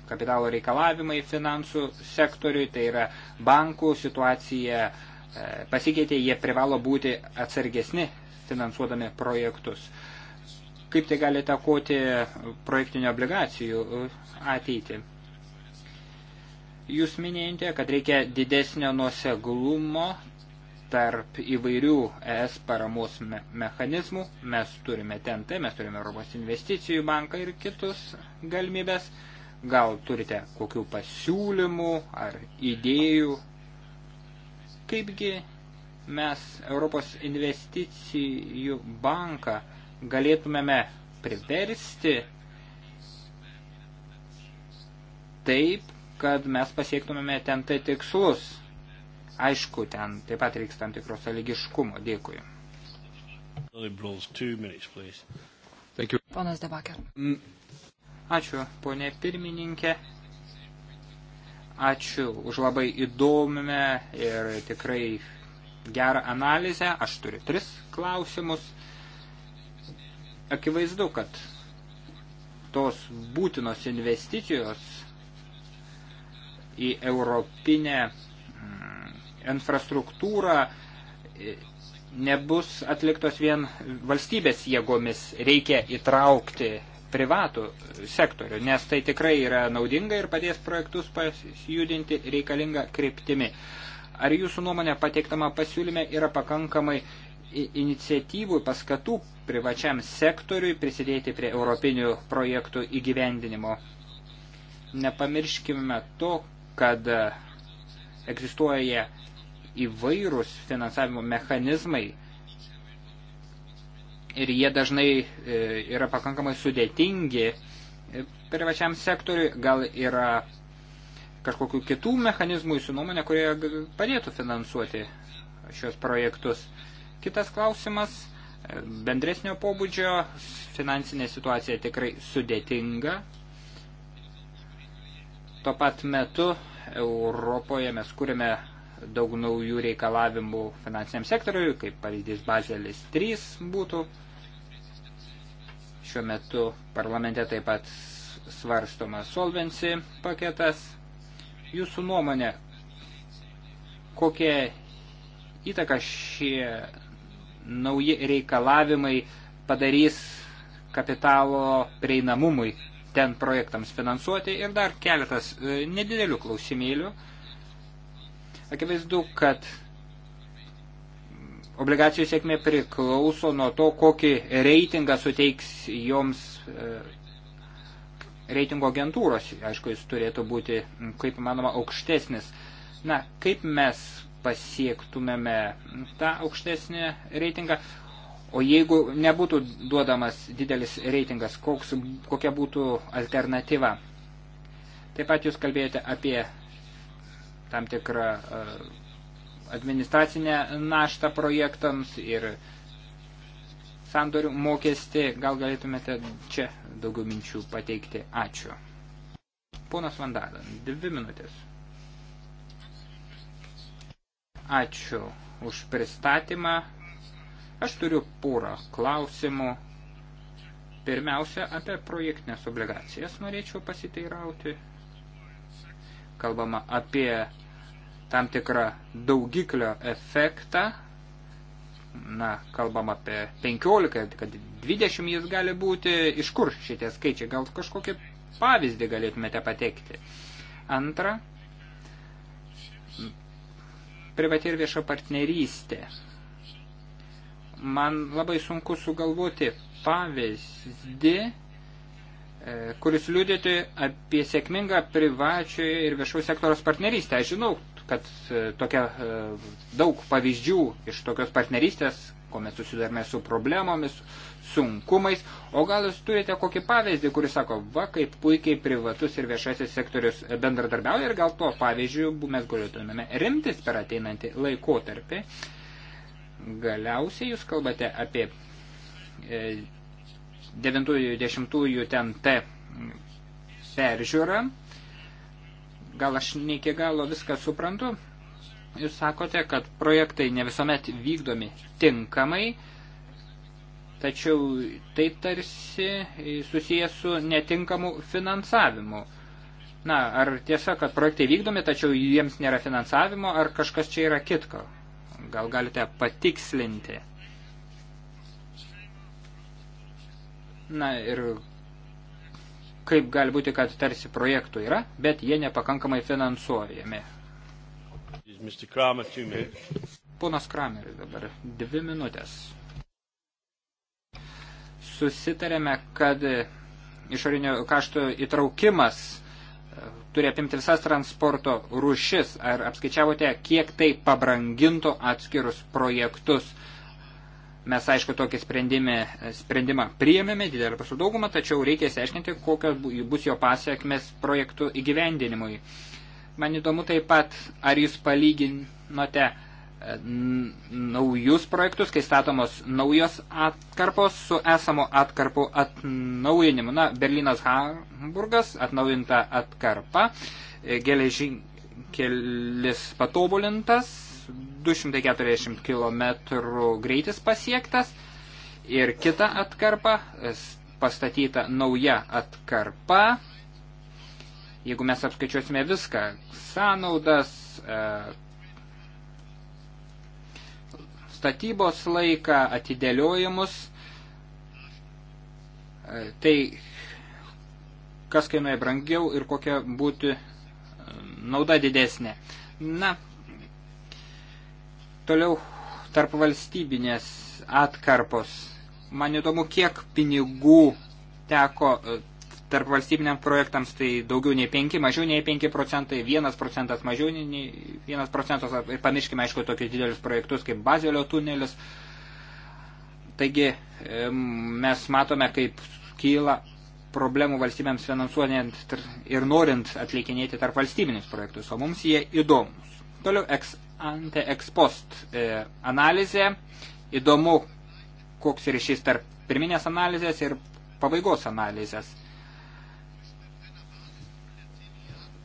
kapitalo reikalavimai finansų sektoriui, tai yra bankų situacija e, pasikeitė, jie privalo būti atsargesni finansuodami projektus. Kaip tai gali takoti projektinių obligacijų e, ateitį? Jūs minėjote, kad reikia didesnio nuoseglumo tarp įvairių ES paramos me mechanizmų. Mes turime TNT, mes turime Europos investicijų banką ir kitus galimybės. Gal turite kokių pasiūlymų ar idėjų, kaipgi mes Europos investicijų banką galėtumėme priversti taip, kad mes pasiektumėme ten tai tikslus Aišku, ten taip pat reiks tam tikros sąlygiškumo. Dėkui. Ponas Debaker. Mm. Ačiū, ponė pirmininkė. Ačiū už labai įdomią ir tikrai gerą analizę. Aš turiu tris klausimus. Akivaizdu, kad tos būtinos investicijos į europinę mm, infrastruktūra e, nebus atliktos vien valstybės jėgomis, reikia įtraukti privatų sektorių, nes tai tikrai yra naudinga ir padės projektus pasijudinti reikalingą kryptimi. Ar jūsų nuomonė pateiktama pasiūlyme yra pakankamai iniciatyvų paskatų privačiam sektoriui prisidėti prie europinių projektų įgyvendinimo? Nepamirškime to, kad egzistuoja įvairūs finansavimo mechanizmai ir jie dažnai e, yra pakankamai sudėtingi e, privačiam sektoriui, gal yra kažkokių kitų mechanizmų jūsų nuomonė, kurie padėtų finansuoti šios projektus. Kitas klausimas e, – bendresnio pobūdžio, finansinė situacija tikrai sudėtinga. Tuo pat metu Europoje mes kūrėme daug naujų reikalavimų finansiniam sektoriui, kaip pavyzdys Bazelis 3 būtų. Šiuo metu parlamente taip pat svarstomas solvency paketas. Jūsų nuomonė, kokią įtaką šie nauji reikalavimai padarys kapitalo prieinamumui ten projektams finansuoti ir dar keletas e, nedidelių klausimėlių Akivaizdu, kad obligacijų sėkmė priklauso nuo to, kokį reitingą suteiks joms e, reitingo agentūros. Aišku, jis turėtų būti, kaip manoma, aukštesnis. Na, kaip mes pasiektumėme tą aukštesnį reitingą, o jeigu nebūtų duodamas didelis reitingas, koks, kokia būtų alternatyva. Taip pat jūs kalbėjote apie tam tikrą e, administracinę naštą projektams ir sandorių mokestį. Gal galėtumėte čia daugiau minčių pateikti. Ačiū. Ponas Vandalan, dvi minutės. Ačiū už pristatymą. Aš turiu porą klausimų. Pirmiausia, apie projektinės obligacijas norėčiau pasiteirauti. Kalbama apie tam tikrą daugiklio efektą. Na, kalbam apie 15, kad 20 jis gali būti. Iš kur šitie skaičiai? Gal kažkokį pavyzdį galėtumėte pateikti? Antra, privati ir vieša partnerystė. Man labai sunku sugalvoti pavyzdį, e, kuris liūdėtų apie sėkmingą privačioje ir viešų sektoriaus partnerystę. Aš žinau kad e, tokia e, daug pavyzdžių iš tokios partnerystės, kuomet susidarme su problemomis, sunkumais, o gal jūs turite kokį pavyzdį, kuris sako, va, kaip puikiai privatus ir viešasis sektorius bendradarbiauja ir gal tuo pavyzdžiu mes galėtumėme rimtis per ateinantį laikotarpį. Galiausiai jūs kalbate apie 90-10 e, ten T peržiūrą gal aš ne iki galo viską suprantu. Jūs sakote, kad projektai ne visuomet vykdomi tinkamai, tačiau tai tarsi susijęs su netinkamu finansavimu. Na, ar tiesa, kad projektai vykdomi, tačiau jiems nėra finansavimo, ar kažkas čia yra kitko? Gal galite patikslinti? Na ir kaip gali būti, kad tarsi projektų yra, bet jie nepakankamai finansuojami. Kramer, Ponas Krameris dabar dvi minutės. Susitarėme, kad išorinio kašto įtraukimas e, turi apimti visas transporto rušis. Ar apskaičiavote, kiek tai pabrangintų atskirus projektus? Mes, aišku, tokį sprendimą, sprendimą priėmėme didelę pasų daugumą, tačiau reikia įsiaiškinti, kokios bus jo pasiekmes projektų įgyvendinimui. Man įdomu taip pat, ar jūs palyginote e, naujus projektus, kai statomos naujos atkarpos su esamo atkarpų atnaujinimu. Na, Berlynas Hamburgas atnaujinta atkarpa, e, geležinkelis patobulintas, 240 km greitis pasiektas ir kita atkarpa, pastatyta nauja atkarpa. Jeigu mes apskaičiuosime viską, sąnaudas, e, statybos laiką, atidėliojimus, e, tai kas kainuoja brangiau ir kokia būtų e, nauda didesnė. Na, Toliau tarp valstybinės atkarpos. Man įdomu, kiek pinigų teko e, tarp valstybiniam projektams, tai daugiau nei 5, mažiau nei 5 procentai, 1 procentas mažiau nei 1 procentas, ir pamirškime, aišku, tokius didelius projektus kaip Bazelio tunelis. Taigi e, mes matome, kaip kyla problemų valstybėms finansuojant ir norint atlikinėti tarp valstybinius projektus, o mums jie įdomus. Toliau ex ante ekspost e, analizė. Įdomu, koks ryšys tarp pirminės analizės ir pabaigos analizės.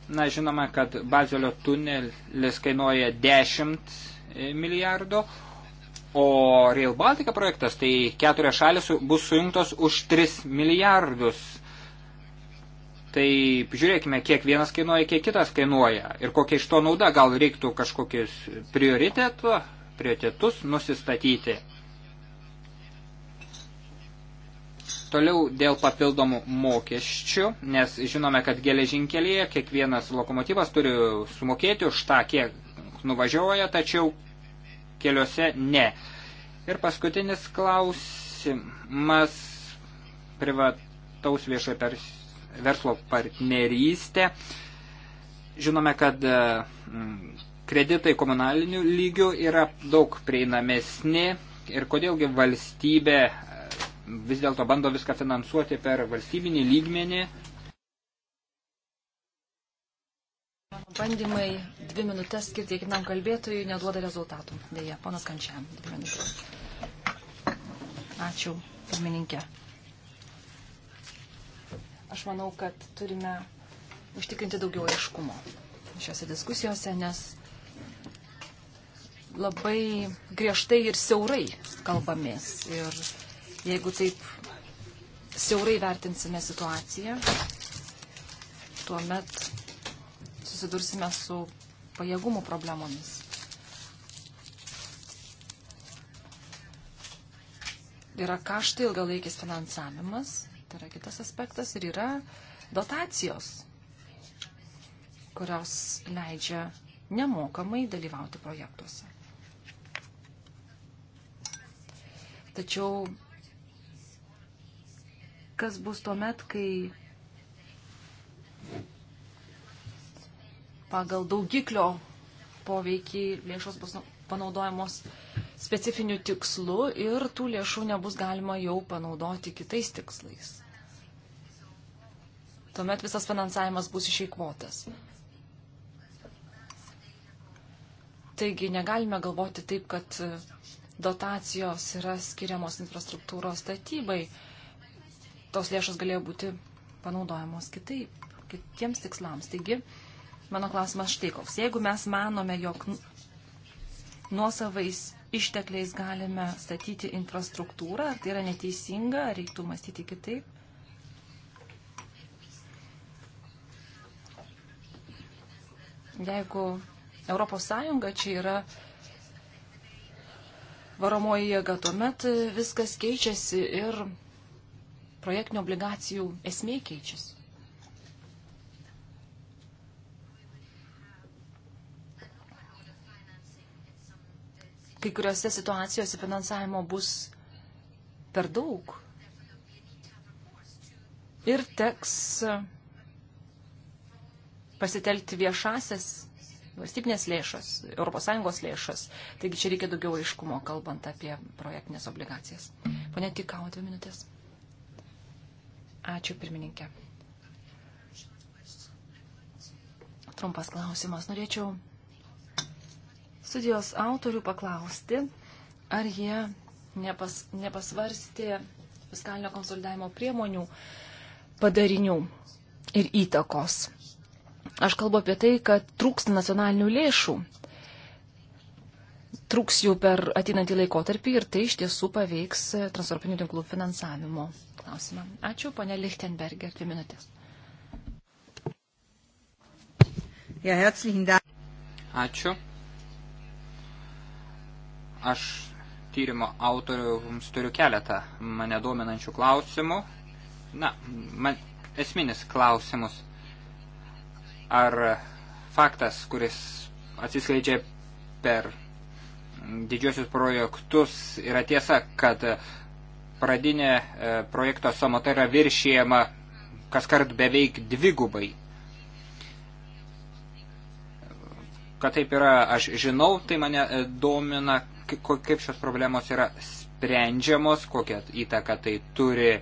Na, žinoma, kad Bazelio tunelis kainuoja 10 e, milijardo, o Rail Baltica projektas, tai keturios šalis bus sujungtos už 3 milijardus Tai žiūrėkime, kiek vienas kainuoja, kiek kitas kainuoja ir kokia iš to nauda. Gal reiktų kažkokius prioritetus nusistatyti. Toliau dėl papildomų mokesčių, nes žinome, kad geležinkelėje kiekvienas lokomotyvas turi sumokėti už tą, kiek nuvažiuoja, tačiau keliuose ne. Ir paskutinis klausimas privataus viešojo verslo partnerystę. Žinome, kad e, kreditai komunalinių lygių yra daug prieinamesni ir kodėlgi valstybė e, vis dėlto bando viską finansuoti per valstybinį lygmenį. Bandymai dvi minutės skirti kiekvienam kalbėtojui neduoda rezultatų. Dėja, ponas Kančia, dvi minutės. Ačiū, pirmininkė. Aš manau, kad turime užtikrinti daugiau aiškumo šiuose diskusijose, nes labai griežtai ir siaurai kalbamės. Ir jeigu taip siaurai vertinsime situaciją, tuomet susidursime su pajėgumų problemomis. Yra kaštai ilgalaikis finansavimas, Tai yra kitas aspektas ir yra dotacijos, kurios leidžia nemokamai dalyvauti projektuose. Tačiau kas bus tuo met, kai pagal daugiklio poveikį lėšos bus panaudojamos specifiniu tikslu ir tų lėšų nebus galima jau panaudoti kitais tikslais tuomet visas finansavimas bus išeikvotas. Taigi negalime galvoti taip, kad e, dotacijos yra skiriamos infrastruktūros statybai. Tos lėšos galėjo būti panaudojamos kitaip, kitiems tikslams. Taigi, mano klausimas štai koks. Jeigu mes manome, jog nuosavais ištekliais galime statyti infrastruktūrą, ar tai yra neteisinga, reiktų mąstyti kitaip. Jeigu ES čia yra varomoji jėga, tuomet viskas keičiasi ir projektinių obligacijų esmė keičiasi. Kai kuriuose situacijose finansavimo bus per daug ir teks pasitelkti viešasis valstybinės lėšas, ES lėšas. Taigi čia reikia daugiau aiškumo, kalbant apie projektinės obligacijas. Pone Tikau, dvi minutės. Ačiū, pirmininkė. Trumpas klausimas. Norėčiau studijos autorių paklausti, ar jie nepas, nepasvarstė fiskalinio konsolidavimo priemonių padarinių ir įtakos Aš kalbu apie tai, kad trūksta nacionalinių lėšų. Trūks jų per ateinantį laikotarpį ir tai iš tiesų paveiks transeuropinių tinklų finansavimo klausimą. Ačiū, ponė Lichtenberger, dvi minutės. Ačiū. Aš tyrimo autoriams turiu keletą mane dominančių klausimų. Na, man, esminis klausimus ar faktas, kuris atsiskleidžia per didžiosius projektus, yra tiesa, kad pradinė e, projekto samata yra viršėjama kas kart beveik dvigubai. Kad taip yra, aš žinau, tai mane e, domina, kaip šios problemos yra sprendžiamos, kokią įtaką tai turi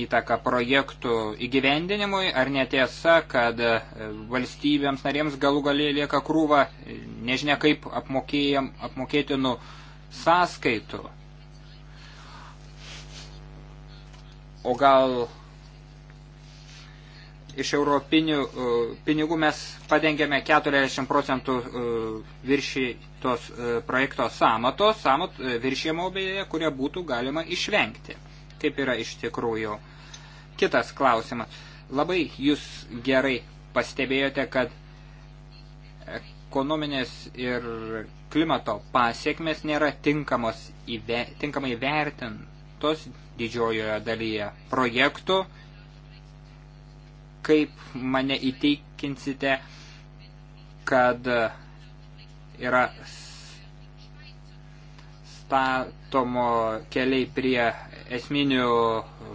įtaką projektų įgyvendinimui, ar netiesa, kad e, valstybėms narėms galų galiai lieka krūva e, nežinia kaip apmokėtinų sąskaitų. O gal iš europinių e, pinigų mes padengėme 40 procentų viršytos projekto samatos, samot viršėjimo beje, kurie būtų galima išvengti kaip yra iš tikrųjų. Kitas klausimas. Labai jūs gerai pastebėjote, kad ekonominės ir klimato pasiekmes nėra tinkamos įve, tinkamai vertintos didžiojoje dalyje projektų. Kaip mane įteikinsite, kad yra statomo keliai prie esminių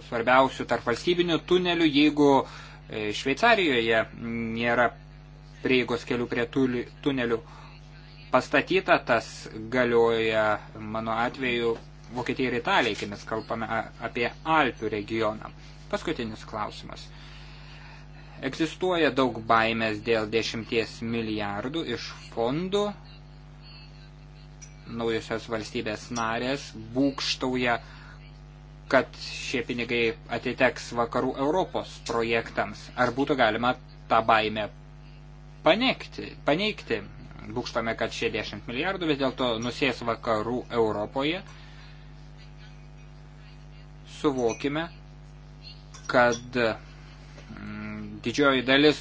svarbiausių tarp valstybinių tunelių, jeigu e, Šveicarijoje nėra prieigos kelių prie tunelių pastatyta, tas galioja mano atveju Vokietijai ir Italijai, kai mes kalbame apie Alpių regioną. Paskutinis klausimas. Egzistuoja daug baimės dėl dešimties milijardų iš fondų. Naujusios valstybės narės būkštauja, kad šie pinigai atiteks vakarų Europos projektams. Ar būtų galima tą baimę paneigti? paneigti? Būkštame, kad šie 10 milijardų vis dėlto nusės vakarų Europoje. Suvokime, kad mm, didžioji dalis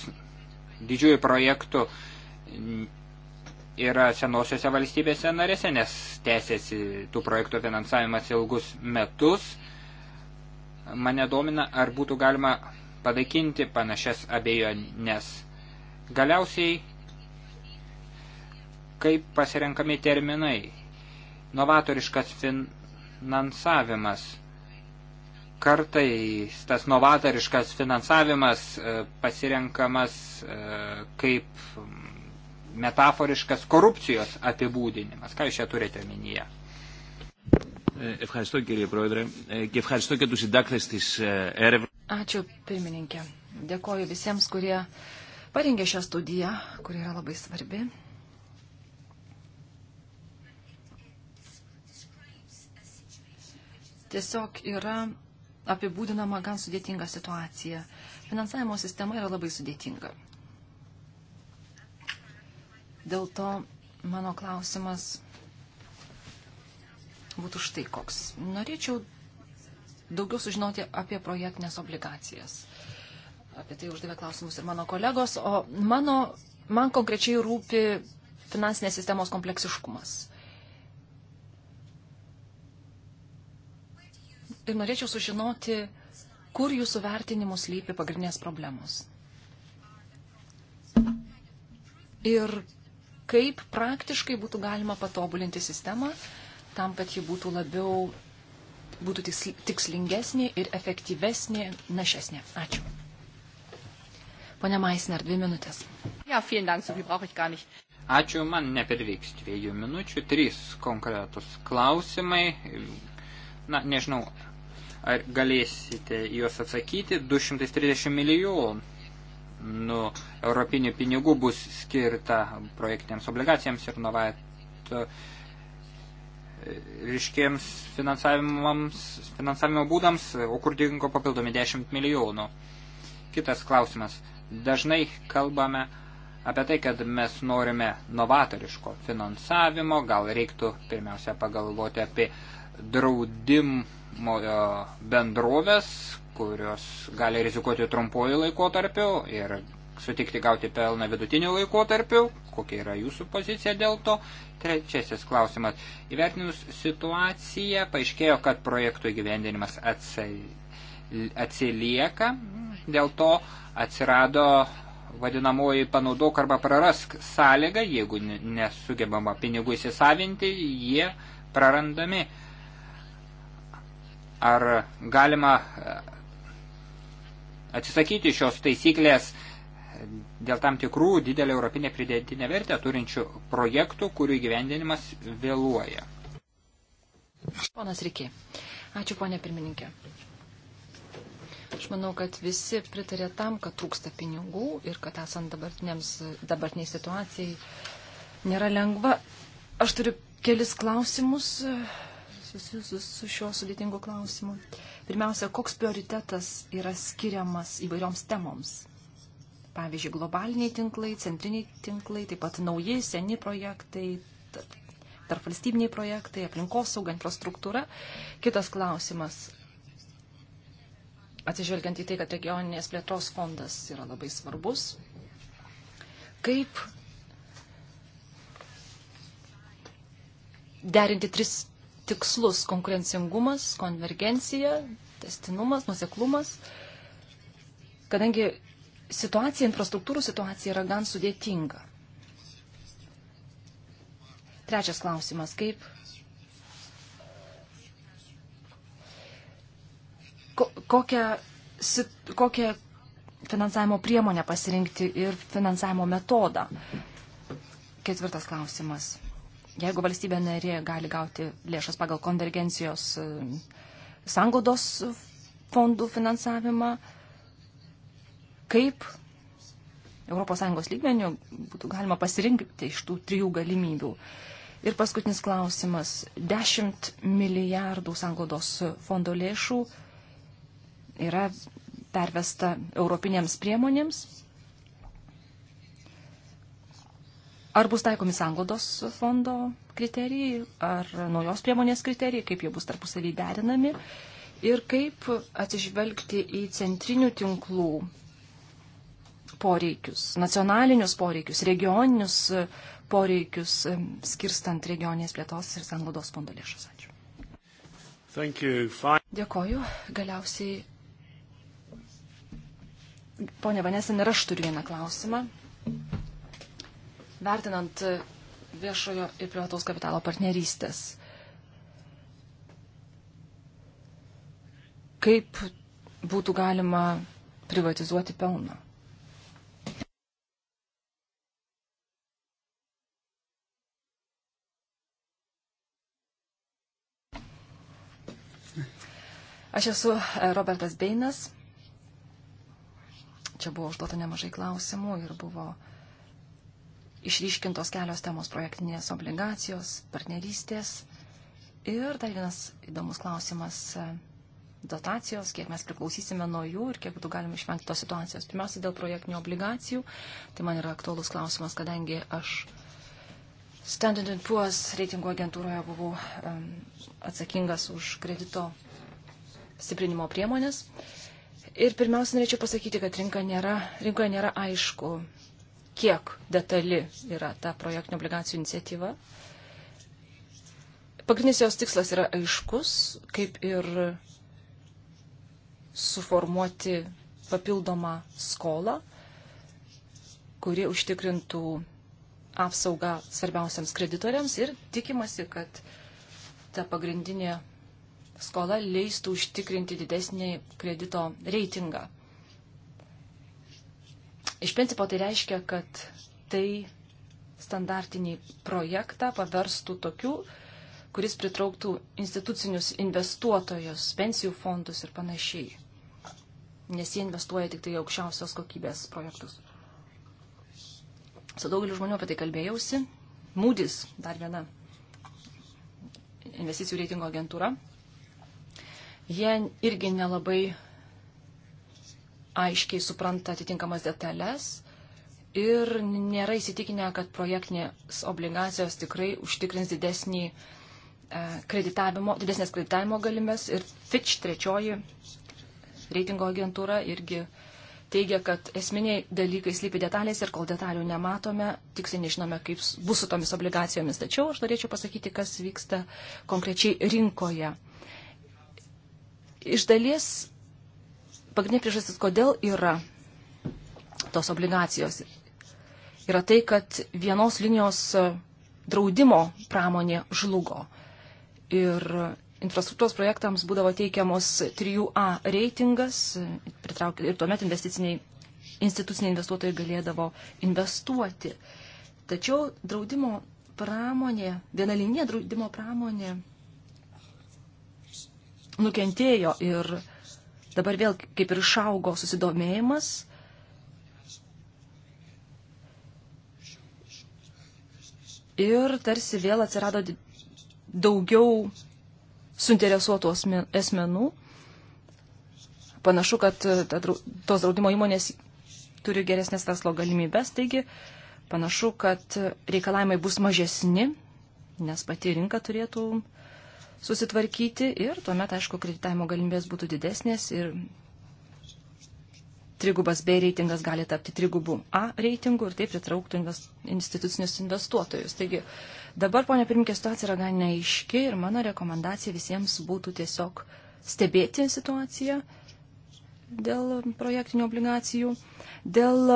didžiųjų projektų yra senosiose valstybėse narėse, nes tęsiasi tų projektų finansavimas ilgus metus – mane domina, ar būtų galima panaikinti panašias abejonės. Galiausiai, kaip pasirenkami terminai, novatoriškas finansavimas kartais tas novatoriškas finansavimas e, pasirenkamas e, kaip metaforiškas korupcijos apibūdinimas. Ką jūs čia turite minyje? Ευχαριστώ κύριε Πρόεδρε και ευχαριστώ και τους συντάκτες της έρευνας. Ačiū pirmininkė. Dėkoju visiems, kurie parengė šią studiją, kuri yra labai svarbi. Tiesiog yra apibūdinama gan sudėtinga situacija. Finansavimo sistema yra labai sudėtinga. Dėl to mano klausimas būtų štai koks. Norėčiau daugiau sužinoti apie projektinės obligacijas. Apie tai uždavė klausimus ir mano kolegos, o mano, man konkrečiai rūpi finansinės sistemos kompleksiškumas. Ir norėčiau sužinoti, kur jūsų vertinimus lypi pagrindinės problemos. Ir kaip praktiškai būtų galima patobulinti sistemą, tam, kad ji būtų labiau, būtų tikslingesnė ir efektyvesnė, našesnė. Ačiū. Pone Maisner, dvi minutės. Ja, dank, so Ačiū, man neprireiks dviejų minučių. Trys konkretus klausimai. Na, nežinau, ar galėsite juos atsakyti. 230 milijonų nu, europinių pinigų bus skirta projektiniams obligacijams ir novatorių ryškiems finansavimo būdams, o kur dingo papildomi 10 milijonų. Kitas klausimas. Dažnai kalbame apie tai, kad mes norime novatoriško finansavimo, gal reiktų pirmiausia pagalvoti apie draudimo e, bendrovės, kurios gali rizikuoti trumpuoju laikotarpiu ir sutikti gauti pelną vidutiniu laikotarpiu, kokia yra jūsų pozicija dėl to. Trečiasis klausimas. Įvertinus situaciją, paaiškėjo, kad projektų įgyvendinimas atsilieka, dėl to atsirado vadinamoji panaudok arba prarask sąlyga, jeigu nesugebama pinigų įsisavinti, jie prarandami. Ar galima e, atsisakyti šios taisyklės dėl tam tikrų didelę europinę pridėtinę vertę turinčių projektų, kurių įgyvendinimas vėluoja. Ponas Rikiai. Ačiū, ponė pirmininkė. Aš manau, kad visi pritarė tam, kad trūksta pinigų ir kad esant dabartiniai situacijai nėra lengva. Aš turiu kelis klausimus e, susijusius su šiuo sudėtingu klausimu. Pirmiausia, koks prioritetas yra skiriamas įvairioms temoms pavyzdžiui, globaliniai tinklai, centriniai tinklai, taip pat nauji, seni projektai, tarp valstybiniai projektai, aplinkosauga, infrastruktūra. Kitas klausimas. Atsižvelgiant į tai, kad regioninės plėtros fondas yra labai svarbus, kaip derinti tris tikslus - konkurencingumas, konvergencija, testinumas, nuseklumas, kadangi situacija, infrastruktūrų situacija yra gan sudėtinga. Trečias klausimas, kaip ko, kokią, kokią finansavimo priemonę pasirinkti ir finansavimo metodą. Ketvirtas klausimas. Jeigu valstybė narė gali gauti lėšas pagal konvergencijos e, sangodos fondų finansavimą, kaip ES lygmenių būtų galima pasirinkti iš tų trijų galimybių. Ir paskutinis klausimas. 10 milijardų sanglaudos fondo lėšų yra pervesta europinėms priemonėms. Ar bus taikomi sanglaudos fondo kriterijai, ar naujos priemonės kriterijai, kaip jie bus tarpusavį derinami ir kaip atsižvelgti į centrinių tinklų poreikius, nacionalinius poreikius, regioninius e, poreikius, e, skirstant regioninės plėtos ir sanglaudos fondo lėšas. Ačiū. Dėkoju. Galiausiai, ponė Vanesin, ir aš turiu vieną klausimą. Vertinant viešojo ir privataus kapitalo partnerystės, kaip būtų galima privatizuoti pelną? Aš esu e, Robertas Beinas. Čia buvo užduota nemažai klausimų ir buvo išryškintos kelios temos projektinės obligacijos, partnerystės ir dar vienas įdomus klausimas e, dotacijos, kiek mes priklausysime nuo jų ir kiek būtų galima išvengti tos situacijos. Pirmiausia, dėl projektinių obligacijų, tai man yra aktuolus klausimas, kadangi aš Standard Poor's reitingo agentūroje buvau um, atsakingas už kredito stiprinimo priemonės. Ir pirmiausia, norėčiau pasakyti, kad rinka nėra, rinkoje nėra aišku, kiek detali yra ta projektinio obligacijų iniciatyva. Pagrindinis jos tikslas yra aiškus, kaip ir suformuoti papildomą skolą, kuri užtikrintų apsaugą svarbiausiams kreditoriams ir tikimasi, kad ta pagrindinė skola leistų užtikrinti didesnį kredito reitingą. Iš principo tai reiškia, kad tai standartinį projektą paverstų tokiu, kuris pritrauktų institucinius investuotojus, pensijų fondus ir panašiai. Nes jie investuoja tik tai aukščiausios kokybės projektus. Su daugeliu žmonių apie tai kalbėjausi. Moody's, dar viena investicijų reitingo agentūra, jie irgi nelabai aiškiai supranta atitinkamas detalės ir nėra įsitikinę, kad projektinės obligacijos tikrai užtikrins didesnį e, kreditavimo, didesnės kreditavimo galimės ir Fitch trečioji reitingo agentūra irgi teigia, kad esminiai dalykai slypi detalės ir kol detalių nematome, tiksliai nežinome, kaip bus su tomis obligacijomis. Tačiau aš norėčiau pasakyti, kas vyksta konkrečiai rinkoje. Iš dalies pagrindinė priežastis, kodėl yra tos obligacijos, yra tai, kad vienos linijos draudimo pramonė žlugo. Ir infrastruktūros projektams būdavo teikiamos 3A reitingas ir tuomet investiciniai, instituciniai investuotojai galėdavo investuoti. Tačiau draudimo pramonė, viena linija draudimo pramonė nukentėjo ir dabar vėl kaip ir išaugo susidomėjimas. Ir tarsi vėl atsirado daugiau suinteresuotų asmenų. Panašu, kad e, tos draudimo įmonės turi geresnės verslo galimybės, taigi panašu, kad e, reikalavimai bus mažesni, nes pati rinka turėtų uh, susitvarkyti ir tuomet, aišku, kreditavimo galimybės būtų didesnės ir trigubas B reitingas gali tapti trigubu A reitingu ir taip pritrauktų invest, institucinius investuotojus. Taigi dabar, ponia pirmininkė, situacija yra gan neaiški ir mano rekomendacija visiems būtų tiesiog stebėti situaciją dėl projektinių obligacijų, dėl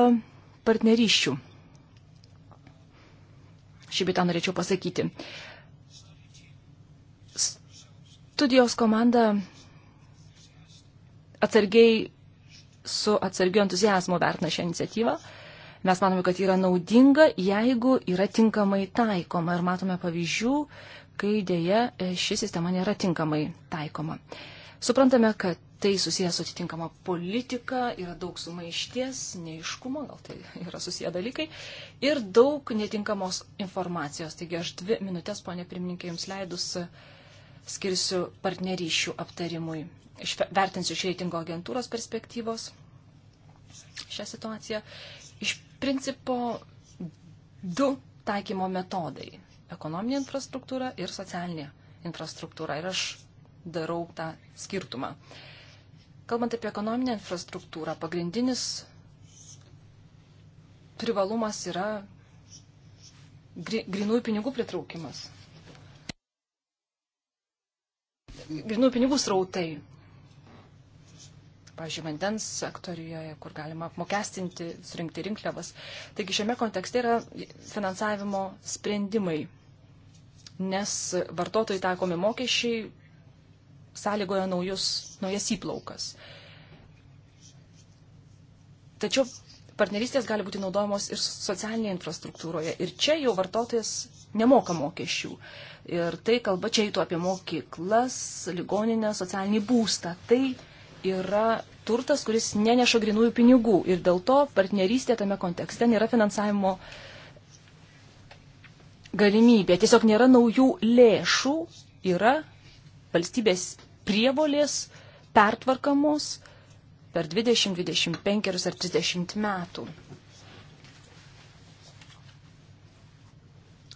partnerysčių. Šį bitą norėčiau pasakyti. Uh, Studijos komanda atsargiai su atsargiu entuzijazmu vertina šią iniciatyvą. Mes manome, kad yra naudinga, jeigu yra tinkamai taikoma. Ir matome pavyzdžių, kai dėja e, ši sistema nėra tinkamai taikoma. Suprantame, kad tai susijęs su atitinkama politika, yra daug sumaišties, neiškumo, gal tai yra susiję dalykai, ir daug netinkamos informacijos. Taigi aš dvi minutės, ponė pirmininkė, jums leidus skirsiu partnerysčių aptarimui. Vertinsiu iš reitingo agentūros perspektyvos šią situaciją. Iš principo du taikymo metodai - ekonominė infrastruktūra ir socialinė infrastruktūra. Ir aš darau tą skirtumą. Kalbant apie ekonominę infrastruktūrą, pagrindinis privalumas yra grinųjų pinigų pritraukimas. grinų pinigų srautai. Pavyzdžiui, vandens sektorijoje, kur galima apmokestinti, surinkti rinkliavas. Taigi šiame kontekste yra finansavimo sprendimai, nes vartotojai taikomi mokesčiai sąlygoja naujus, naujas įplaukas. Tačiau partnerystės gali būti naudojamos ir socialinėje infrastruktūroje. Ir čia jau vartotojas nemoka mokesčių. Uh, Ir tai kalba čia eitų apie mokyklas, ligoninę, socialinį būstą. Tai yra turtas, kuris neneša grinųjų pinigų. Ir dėl to partnerystė tame kontekste nėra finansavimo galimybė. Tiesiog nėra naujų lėšų, yra valstybės prievolės pertvarkamos per 20, 25 ar 30 metų.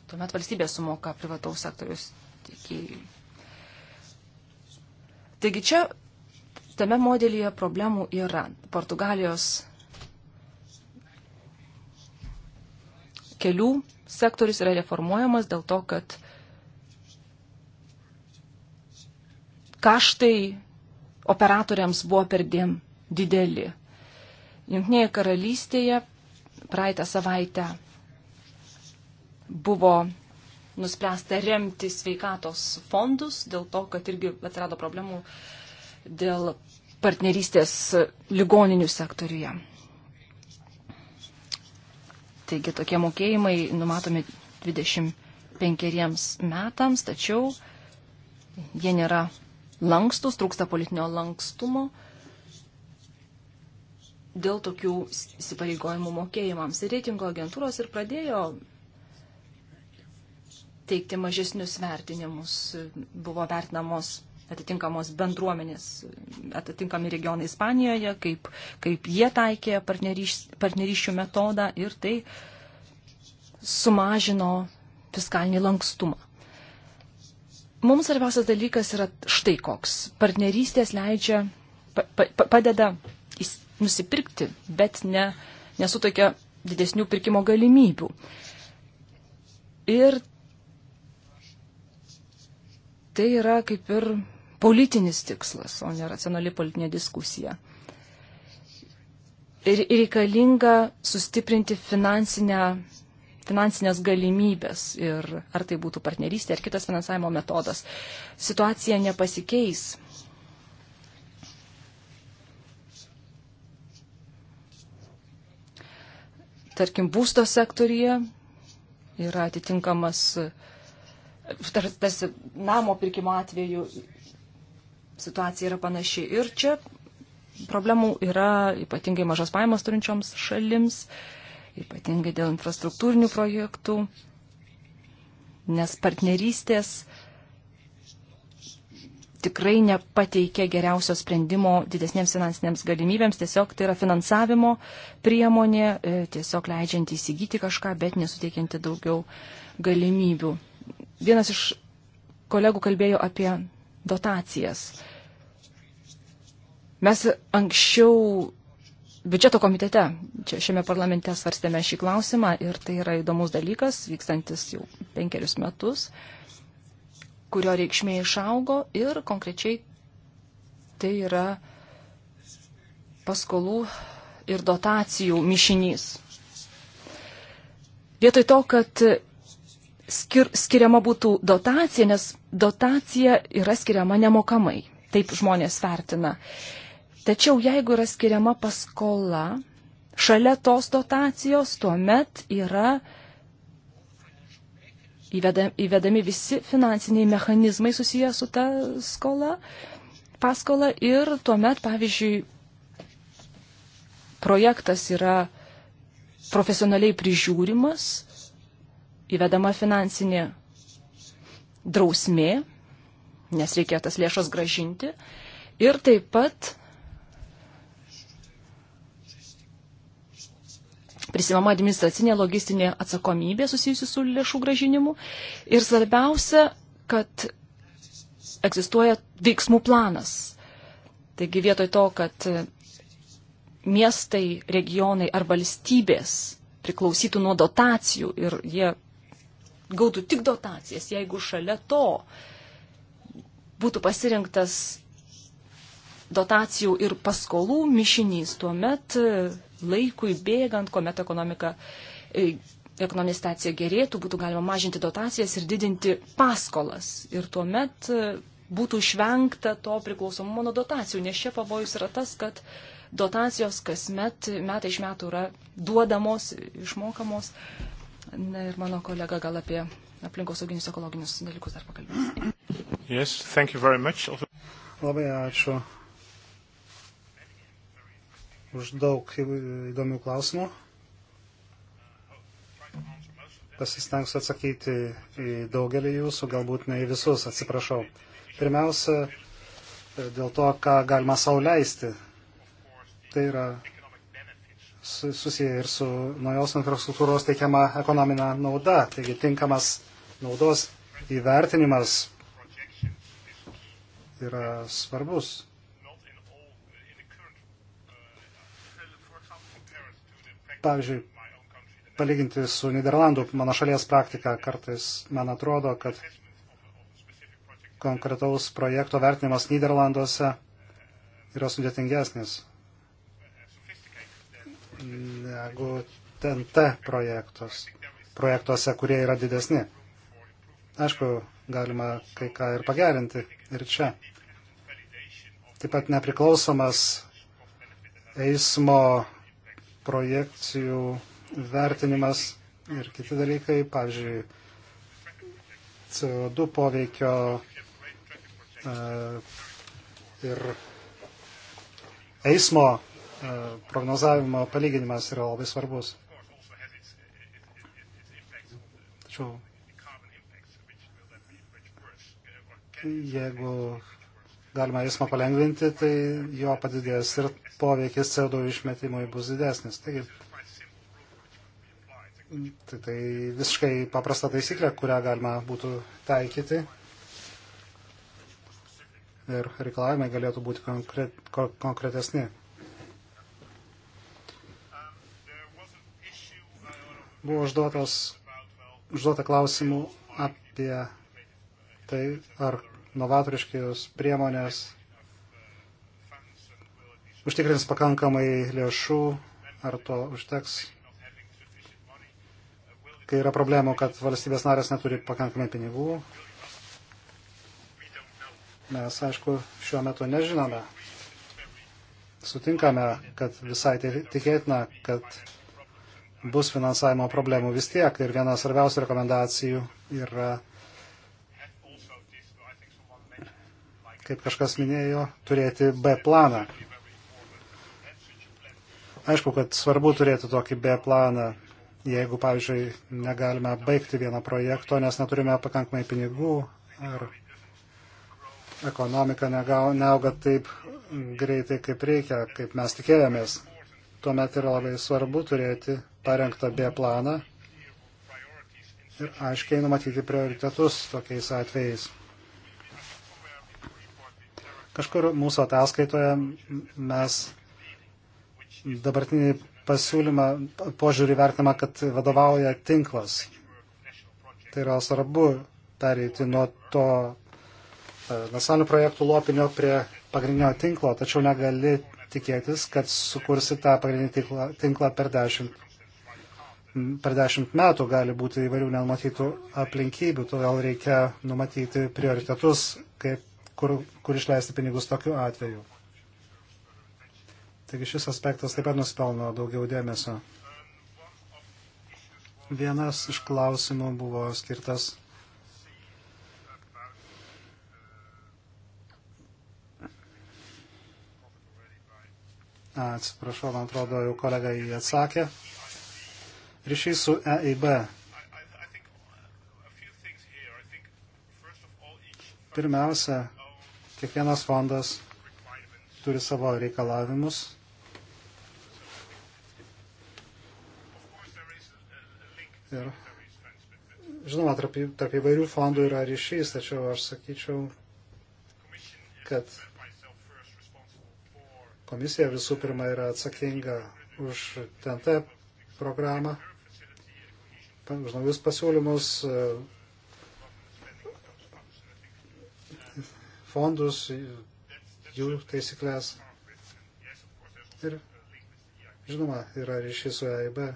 Tuomet valstybė sumoka privataus sektorius tiekėjui. Taigi čia tame modelyje problemų yra. Portugalijos kelių sektorius yra reformuojamas dėl to, kad kaštai operatoriams buvo perdėm dideli. Junknėje karalystėje praeitą savaitę buvo nuspręsta remti sveikatos fondus dėl to, kad irgi atrado problemų dėl partnerystės ligoninių sektoriuje. Taigi tokie mokėjimai numatomi 25 metams, tačiau jie nėra lankstus, trūksta politinio lankstumo dėl tokių įsipareigojimų mokėjimams. Ir reitingo agentūros ir pradėjo teikti mažesnius vertinimus. Buvo vertinamos atitinkamos bendruomenės, atitinkami regionai Ispanijoje, kaip, kaip jie taikė partneryš, partneryšių metodą ir tai sumažino fiskalinį lankstumą. Mums svarbiausias dalykas yra štai koks. Partnerystės leidžia, pa, pa, padeda nusipirkti, bet ne, nesutokia didesnių pirkimo galimybių. Ir tai yra kaip ir politinis tikslas, o ne racionali politinė diskusija. Ir reikalinga sustiprinti finansinę, finansinės galimybės ir ar tai būtų partnerystė ar kitas finansavimo metodas. Situacija nepasikeis. Tarkim, būsto sektorija yra atitinkamas uh, tarsi namo pirkimo atveju situacija yra panaši. Ir čia problemų yra ypatingai mažas pajamas turinčioms šalims, ypatingai dėl infrastruktūrinių projektų, nes partnerystės tikrai nepateikia geriausio sprendimo didesniems finansinėms galimybėms, tiesiog tai yra finansavimo priemonė, e, tiesiog leidžianti įsigyti kažką, bet nesuteikianti daugiau galimybių. Vienas iš kolegų kalbėjo apie dotacijas. Mes anksčiau biudžeto komitete čia šiame parlamente svarstėme šį klausimą ir tai yra įdomus dalykas, vykstantis jau penkerius metus, kurio reikšmė išaugo ir konkrečiai tai yra paskolų ir dotacijų mišinys. Vietoj to, kad skir, skiriama būtų dotacija, nes dotacija yra skiriama nemokamai. Taip žmonės vertina. Tačiau jeigu yra skiriama paskola, šalia tos dotacijos tuomet yra įvedami visi finansiniai mechanizmai susiję su ta skola, paskola ir tuomet, pavyzdžiui, projektas yra profesionaliai prižiūrimas, įvedama finansinė drausmė, nes reikėjo tas lėšas gražinti. Ir taip pat prisimama administracinė logistinė atsakomybė susijusi su lėšų gražinimu. Ir svarbiausia, kad egzistuoja veiksmų planas. Taigi vietoj to, kad miestai, regionai ar valstybės priklausytų nuo dotacijų ir jie gautų tik dotacijas, jeigu šalia to būtų pasirinktas dotacijų ir paskolų mišinys, tuomet e, laikui bėgant, kuomet ekonomika, e, ekonominė situacija gerėtų, būtų galima mažinti dotacijas ir didinti paskolas. Ir tuomet e, būtų išvengta to priklausomumo nuo dotacijų, nes čia pavojus yra tas, kad dotacijos kasmet metai iš metų yra duodamos, išmokamos, Na ir mano kolega gal apie aplinkos sauginius ekologinius dalykus dar pakalbės. Yes, thank you very much. Labai ačiū už daug įdomių klausimų. Pasistengsiu atsakyti į daugelį jūsų, galbūt ne į visus, atsiprašau. Pirmiausia, dėl to, ką galima sauliaisti. Tai yra susiję ir su naujos infrastruktūros teikiama ekonominė nauda. Taigi tinkamas naudos įvertinimas yra svarbus. Pavyzdžiui, palyginti su Niderlandų mano šalies praktika, kartais man atrodo, kad konkretaus projekto vertinimas Niderlanduose yra sudėtingesnis negu TNT projektos, projektuose, kurie yra didesni. Aišku, galima kai ką ir pagerinti ir čia. Taip pat nepriklausomas eismo projekcijų vertinimas ir kiti dalykai, pavyzdžiui, CO2 poveikio e, ir eismo E, prognozavimo palyginimas yra labai svarbus. Tačiau jeigu galima eismą palengvinti, tai jo padidės ir poveikis CO2 išmetimui bus didesnis. Taigi, tai, tai visiškai paprasta taisyklė, kurią galima būtų taikyti. Ir reikalavimai galėtų būti konkret, konkretesni. Buvo užduotas, užduota klausimų apie tai, ar novatoriškios priemonės užtikrins pakankamai lėšų, ar to užteks, kai yra problemų, kad valstybės narės neturi pakankamai pinigų. Mes, aišku, šiuo metu nežinome. Sutinkame, kad visai tikėtina, kad bus finansavimo problemų vis tiek. Ir viena svarbiausių rekomendacijų yra, kaip kažkas minėjo, turėti B planą. Aišku, kad svarbu turėti tokį B planą, jeigu, pavyzdžiui, negalime baigti vieną projekto, nes neturime pakankamai pinigų ar ekonomika neauga taip greitai, kaip reikia, kaip mes tikėjomės. Tuomet yra labai svarbu turėti parengtą B planą ir aiškiai numatyti prioritetus tokiais atvejais. Kažkur mūsų ataskaitoje mes dabartinį pasiūlymą, požiūrį vertinimą, kad vadovauja tinklas. Tai yra svarbu pereiti nuo to e, nacionalinių projektų lopinio prie pagrindinio tinklo, tačiau negali tikėtis, kad sukursi tą pagrindinį tinklą, tinklą per dešimt per dešimt metų gali būti įvairių nenumatytų aplinkybių, todėl reikia numatyti prioritetus, kaip, kur, kur išleisti pinigus tokiu atveju. Taigi šis aspektas taip pat nuspelno daugiau dėmesio. Vienas iš klausimų buvo skirtas Atsiprašau, man atrodo, jau kolega jį atsakė. Ryšiai su EIB. Pirmiausia, kiekvienas fondas turi savo reikalavimus. Ir, žinoma, tarp, tarp įvairių fondų yra ryšys, tačiau aš sakyčiau, kad komisija visų pirma yra atsakinga už TNT programą už naujus pasiūlymus, e, fondus, jų taisyklės. Ir, žinoma, yra ryšys su EIB.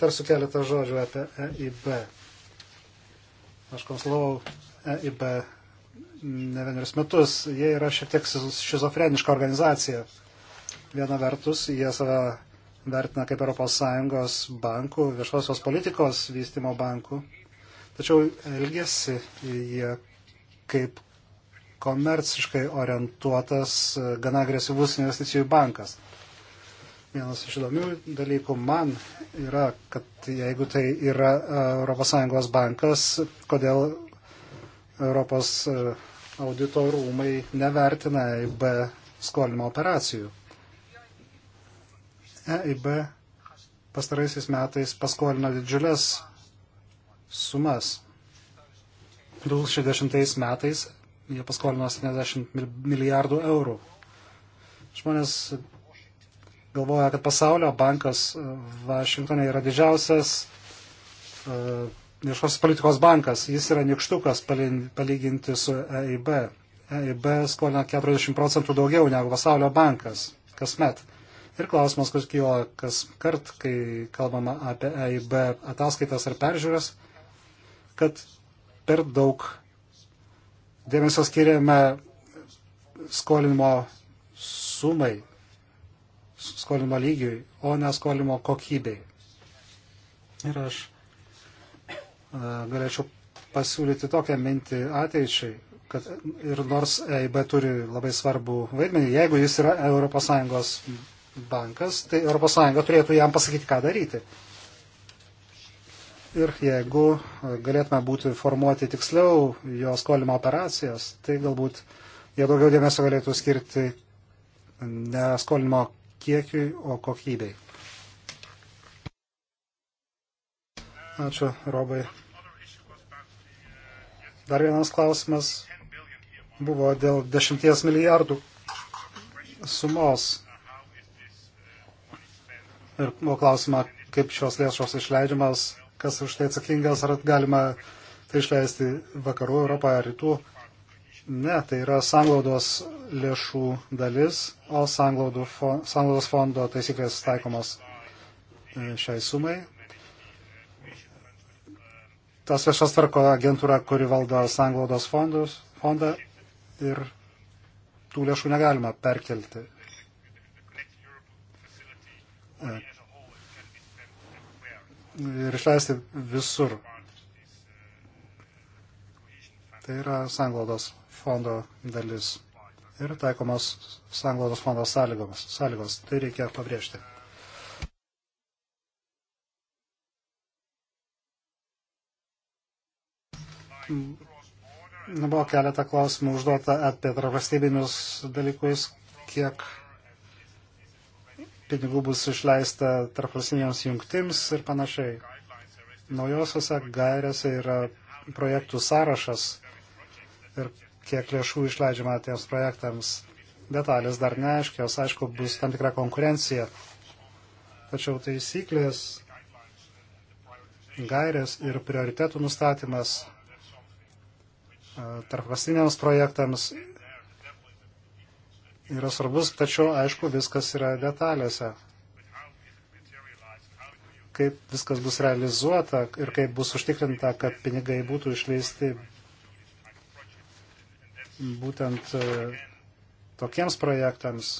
Tarsiu keletą žodžių apie EIB. Aš konsulavau EIB ne vienerius metus. Jie yra šiek tiek šizofreniška organizacija. Viena vertus, jie save vertina kaip ES bankų, viešosios politikos vystimo bankų, tačiau elgesi jie kaip komerciškai orientuotas, gana agresyvus investicijų bankas. Vienas iš įdomių dalykų man yra, kad jeigu tai yra ES bankas, kodėl Europos e, audito rūmai nevertina IB skolinimo operacijų. EIB pastaraisiais metais paskolino didžiulės sumas. 2010 metais jie paskolino 70 milijardų eurų. Žmonės galvoja, kad pasaulio bankas e, Vašingtonė yra didžiausias e, viešosios politikos bankas. Jis yra nikštukas palyginti su EIB. EIB skolina 40 procentų daugiau negu pasaulio bankas kasmet. Ir klausimas, kuris kyla kas kart, kai kalbama apie EIB ataskaitas ar peržiūras, kad per daug dėmesio skiriame skolinimo sumai, skolinimo lygiui, o ne skolinimo kokybei. Ir aš galėčiau pasiūlyti tokią mintį ateičiai, kad ir nors EIB turi labai svarbų vaidmenį, jeigu jis yra ES bankas, tai ES turėtų jam pasakyti, ką daryti. Ir jeigu galėtume būti formuoti tiksliau jo skolimo operacijas, tai galbūt jie daugiau dėmesio galėtų skirti ne skolinimo kiekiui, o kokybei. Ačiū, Robai. Dar vienas klausimas buvo dėl 10 milijardų sumos ir buvo klausima, kaip šios lėšos išleidžiamas, kas už tai atsakingas, ar galima tai išleisti vakarų Europoje, rytų. Ne, tai yra sanglaudos lėšų dalis, o sanglaudos fondo taisyklės taikomos e, šiai sumai. Tas viešas tvarko agentūra, kuri valdo sanglaudos fondus, fondą ir tų lėšų negalima perkelti ir išleisti visur. Tai yra sanglaudos fondo dalis ir taikomos sanglaudos fondo sąlygos. sąlygos. Tai reikia pabrėžti. Buvo keletą klausimų užduota apie valstybinius dalykus, kiek pinigų bus išleista tarpvalstybinėms jungtims ir panašiai. Naujosiuose gairėse yra projektų sąrašas ir kiek lėšų išleidžiama tiems projektams. Detalės dar neaiškios, aišku, bus tam tikra konkurencija. Tačiau taisyklės, gairės ir prioritetų nustatymas e, tarpvalstybiniams projektams yra svarbus, tačiau aišku, viskas yra detalėse. Kaip viskas bus realizuota ir kaip bus užtikrinta, kad pinigai būtų išleisti būtent e, tokiems projektams.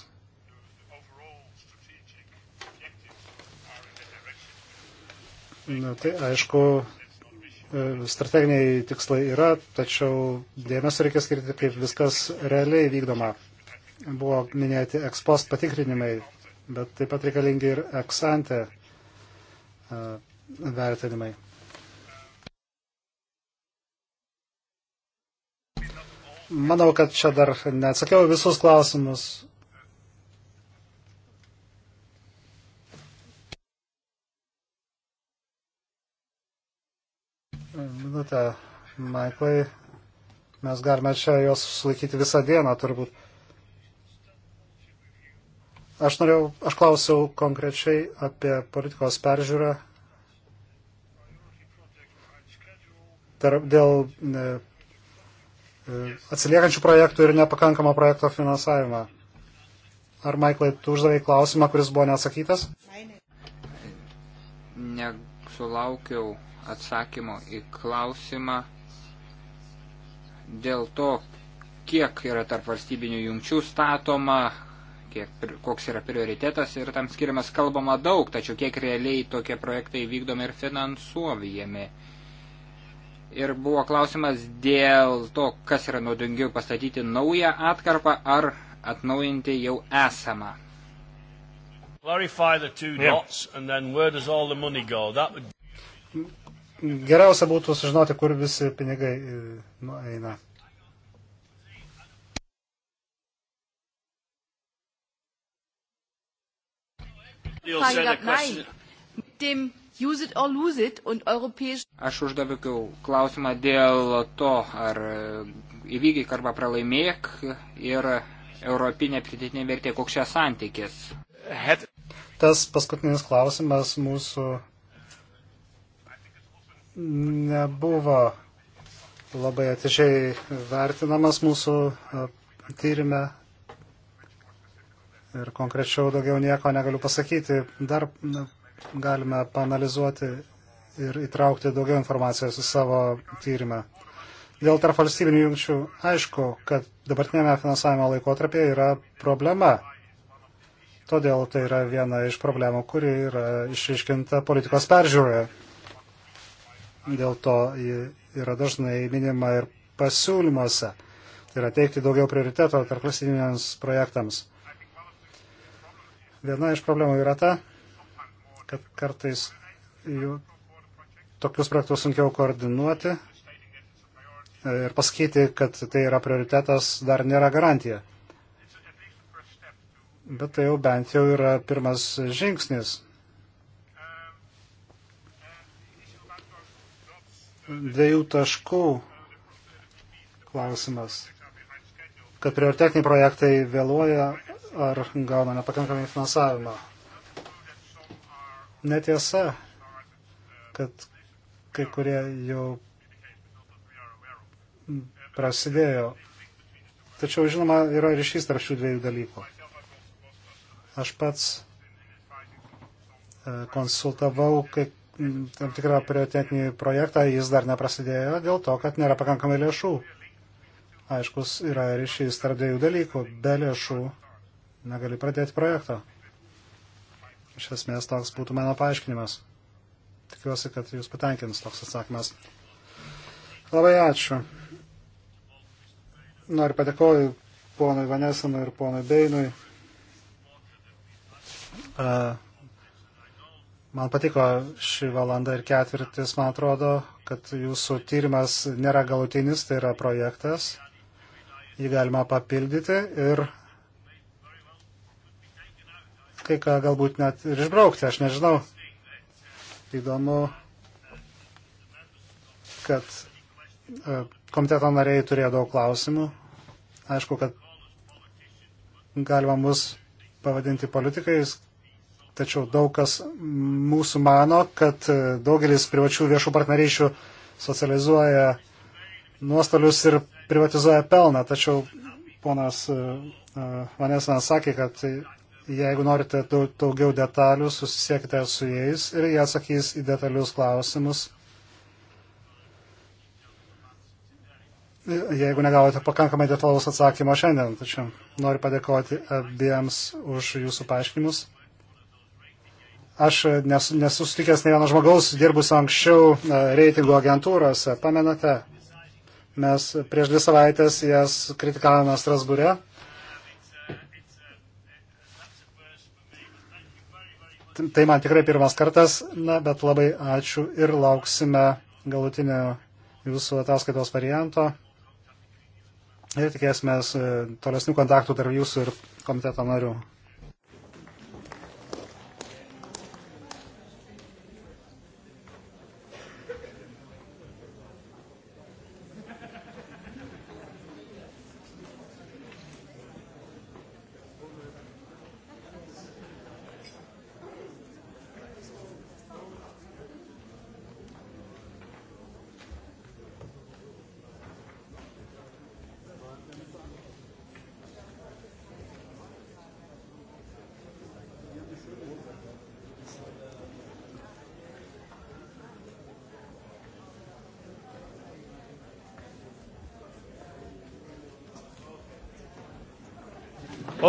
Na, tai aišku, e, strateginiai tikslai yra, tačiau dėmesio reikia skirti, kaip viskas realiai vykdoma buvo minėti ekspost patikrinimai, bet taip pat reikalingi ir eksante e, vertinimai. Manau, kad čia dar neatsakiau visus klausimus. Minutę, Maiklai. Mes galime čia juos sulaikyti visą dieną turbūt. Aš norėjau, aš klausiau konkrečiai apie politikos peržiūrą tarp, dėl ne, e, atsiliekančių projektų ir nepakankamo projekto finansavimą. Ar, Maiklai, tu uždavai klausimą, kuris buvo neatsakytas? Nesulaukiau atsakymo į klausimą dėl to, kiek yra tarp valstybinių jungčių statoma, kiek, koks yra prioritetas ir tam skiriamas kalbama daug, tačiau kiek realiai tokie projektai vykdomi ir finansuojami. Ir buvo klausimas dėl to, kas yra naudingiau pastatyti naują atkarpą ar atnaujinti jau esamą. Geriausia būtų sužinoti, kur visi pinigai e, nueina. Aš uždaviau klausimą dėl to, ar e, įvykiai arba pralaimėk ir europinė pridėtinė vertė, koks čia santykis. Tas paskutinis klausimas mūsų nebuvo labai atižiai vertinamas mūsų e, tyrimė ir konkrečiau daugiau nieko negaliu pasakyti. Dar galime panalizuoti ir įtraukti daugiau informacijos į savo tyrimą. Dėl tarp valstybinių jungčių aišku, kad dabartinėme finansavimo laikotarpėje yra problema. Todėl tai yra viena iš problemų, kuri yra išriškinta politikos peržiūroje. Dėl to ji yra dažnai minima ir pasiūlymuose. Tai yra teikti daugiau prioriteto tarp valstybiniams projektams Viena iš problemų yra ta, kad kartais jų tokius projektus sunkiau koordinuoti ir pasakyti, kad tai yra prioritetas, dar nėra garantija. Bet tai jau bent jau yra pirmas žingsnis. Dviejų taškų klausimas, kad prioritetiniai projektai vėluoja ar gauna nepakankamai finansavimą. Netiesa, kad kai kurie jau prasidėjo. Tačiau, žinoma, yra ryšys tarp šių dviejų dalykų. Aš pats e, konsultavau kaip tam tikrą prioritetinį projektą, jis dar neprasidėjo dėl to, kad nėra pakankamai lėšų. Aiškus yra ryšys tarp dviejų dalykų. Be lėšų negali pradėti projekto. Iš esmės toks būtų mano paaiškinimas. Tikiuosi, kad jūs patenkins toks atsakymas. Labai ačiū. Noriu padėkoju ponui Vanesanui ir ponui Beinui. Man patiko šį valandą ir ketvirtis, man atrodo, kad jūsų tyrimas nėra galutinis, tai yra projektas. Jį galima papildyti ir kai ką galbūt net ir išbraukti, aš nežinau. Įdomu, kad e, komiteto nariai turėjo daug klausimų. Aišku, kad galima mus pavadinti politikais, tačiau daug kas mūsų mano, kad e, daugelis privačių viešų partnerysčių socializuoja nuostolius ir privatizuoja pelną, tačiau ponas e, Vanesinas sakė, kad tai Jeigu norite daugiau detalių, susisiekite su jais ir jie atsakys į detalius klausimus. Jeigu negavote pakankamai detalus atsakymo šiandien, tačiau noriu padėkoti abiems už jūsų paaiškinimus. Aš nes, nesu sutikęs ne vieno žmogaus, dirbusio anksčiau e, reitingų agentūrose. Pamenate, mes prieš dvi savaitės jas kritikavome Strasbūre. tai man tikrai pirmas kartas, na, bet labai ačiū ir lauksime galutinio jūsų ataskaitos varianto. Ir tikėsime tolesnių kontaktų tarp jūsų ir komiteto narių.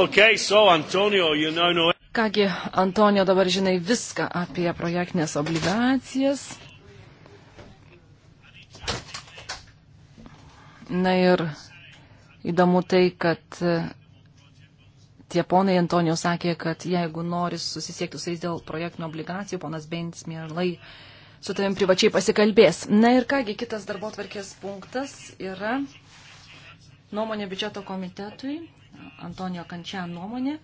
Okay, so Antonio, you know, no... Kągi, Antonio, dabar žinai viską apie projektinės obligacijas. Na ir įdomu tai, kad e, tie ponai Antonijo sakė, kad jeigu nori susisiekti su jais dėl projektinių obligacijų, ponas Beins mielai su tavim privačiai pasikalbės. Na ir kągi, kitas darbo tvarkės punktas yra nuomonė biudžeto komitetui Antonijo Kančian nuomonė.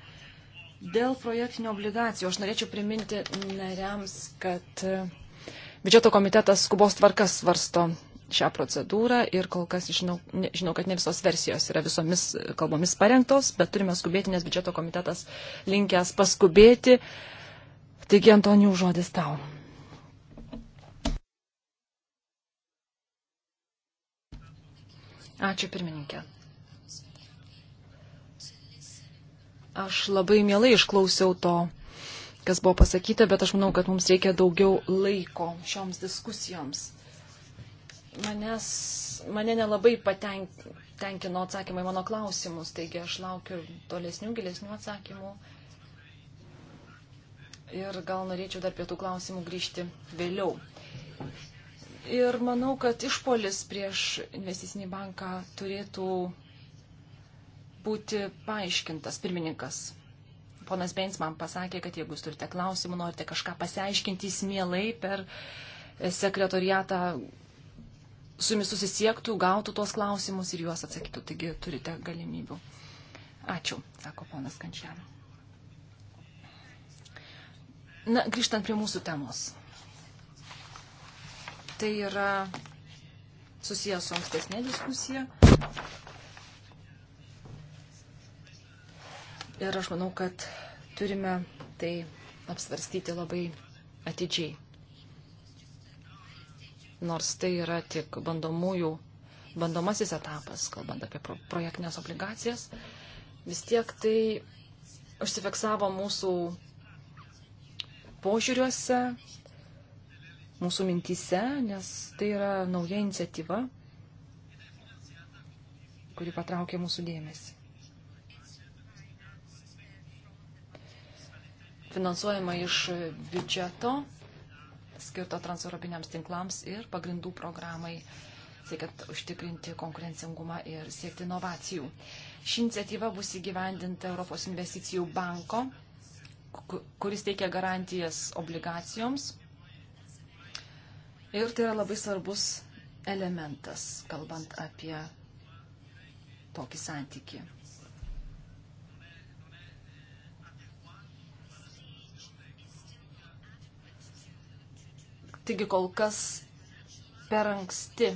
Dėl projektinių obligacijų aš norėčiau priminti nariams, kad e, biudžeto komitetas skubos tvarkas svarsto šią procedūrą ir kol kas žinau, ne, žinau, kad ne visos versijos yra visomis e, kalbomis parengtos, bet turime skubėti, nes biudžeto komitetas linkęs paskubėti. Taigi, Antonijų, žodis tau. Ačiū pirmininkė. Aš labai mielai išklausiau to, kas buvo pasakyta, bet aš manau, kad mums reikia daugiau laiko šioms diskusijoms. Manęs, mane nelabai patenkino patenk, atsakymai mano klausimus, taigi aš laukiu tolesnių, gilesnių atsakymų. Ir gal norėčiau dar prie tų klausimų grįžti vėliau. Ir manau, kad išpolis prieš investicinį banką turėtų būti paaiškintas pirmininkas. Ponas Bens man pasakė, kad jeigu jūs turite klausimų, norite kažką pasiaiškinti, jis mielai per sekretoriatą su jumis susisiektų, gautų tuos klausimus ir juos atsakytų. Taigi turite galimybių. Ačiū, sako ponas Kančiano. Na, grįžtant prie mūsų temos. Tai yra susijęs su ankstesnė diskusija Ir aš manau, kad turime tai apsvarstyti labai atidžiai. Nors tai yra tik bandomųjų, bandomasis etapas, kalbant apie projektinės obligacijas, vis tiek tai užsifiksavo mūsų požiūriuose, mūsų mintyse, nes tai yra nauja iniciatyva, kuri patraukė mūsų dėmesį. finansuojama iš biudžeto skirto transeuropiniams tinklams ir pagrindų programai, siekiant užtikrinti konkurencingumą ir siekti inovacijų. Ši iniciatyva bus įgyvendinta Europos investicijų banko, kuris teikia garantijas obligacijoms. Ir tai yra labai svarbus elementas, kalbant apie tokį santykį. Taigi kol kas per anksti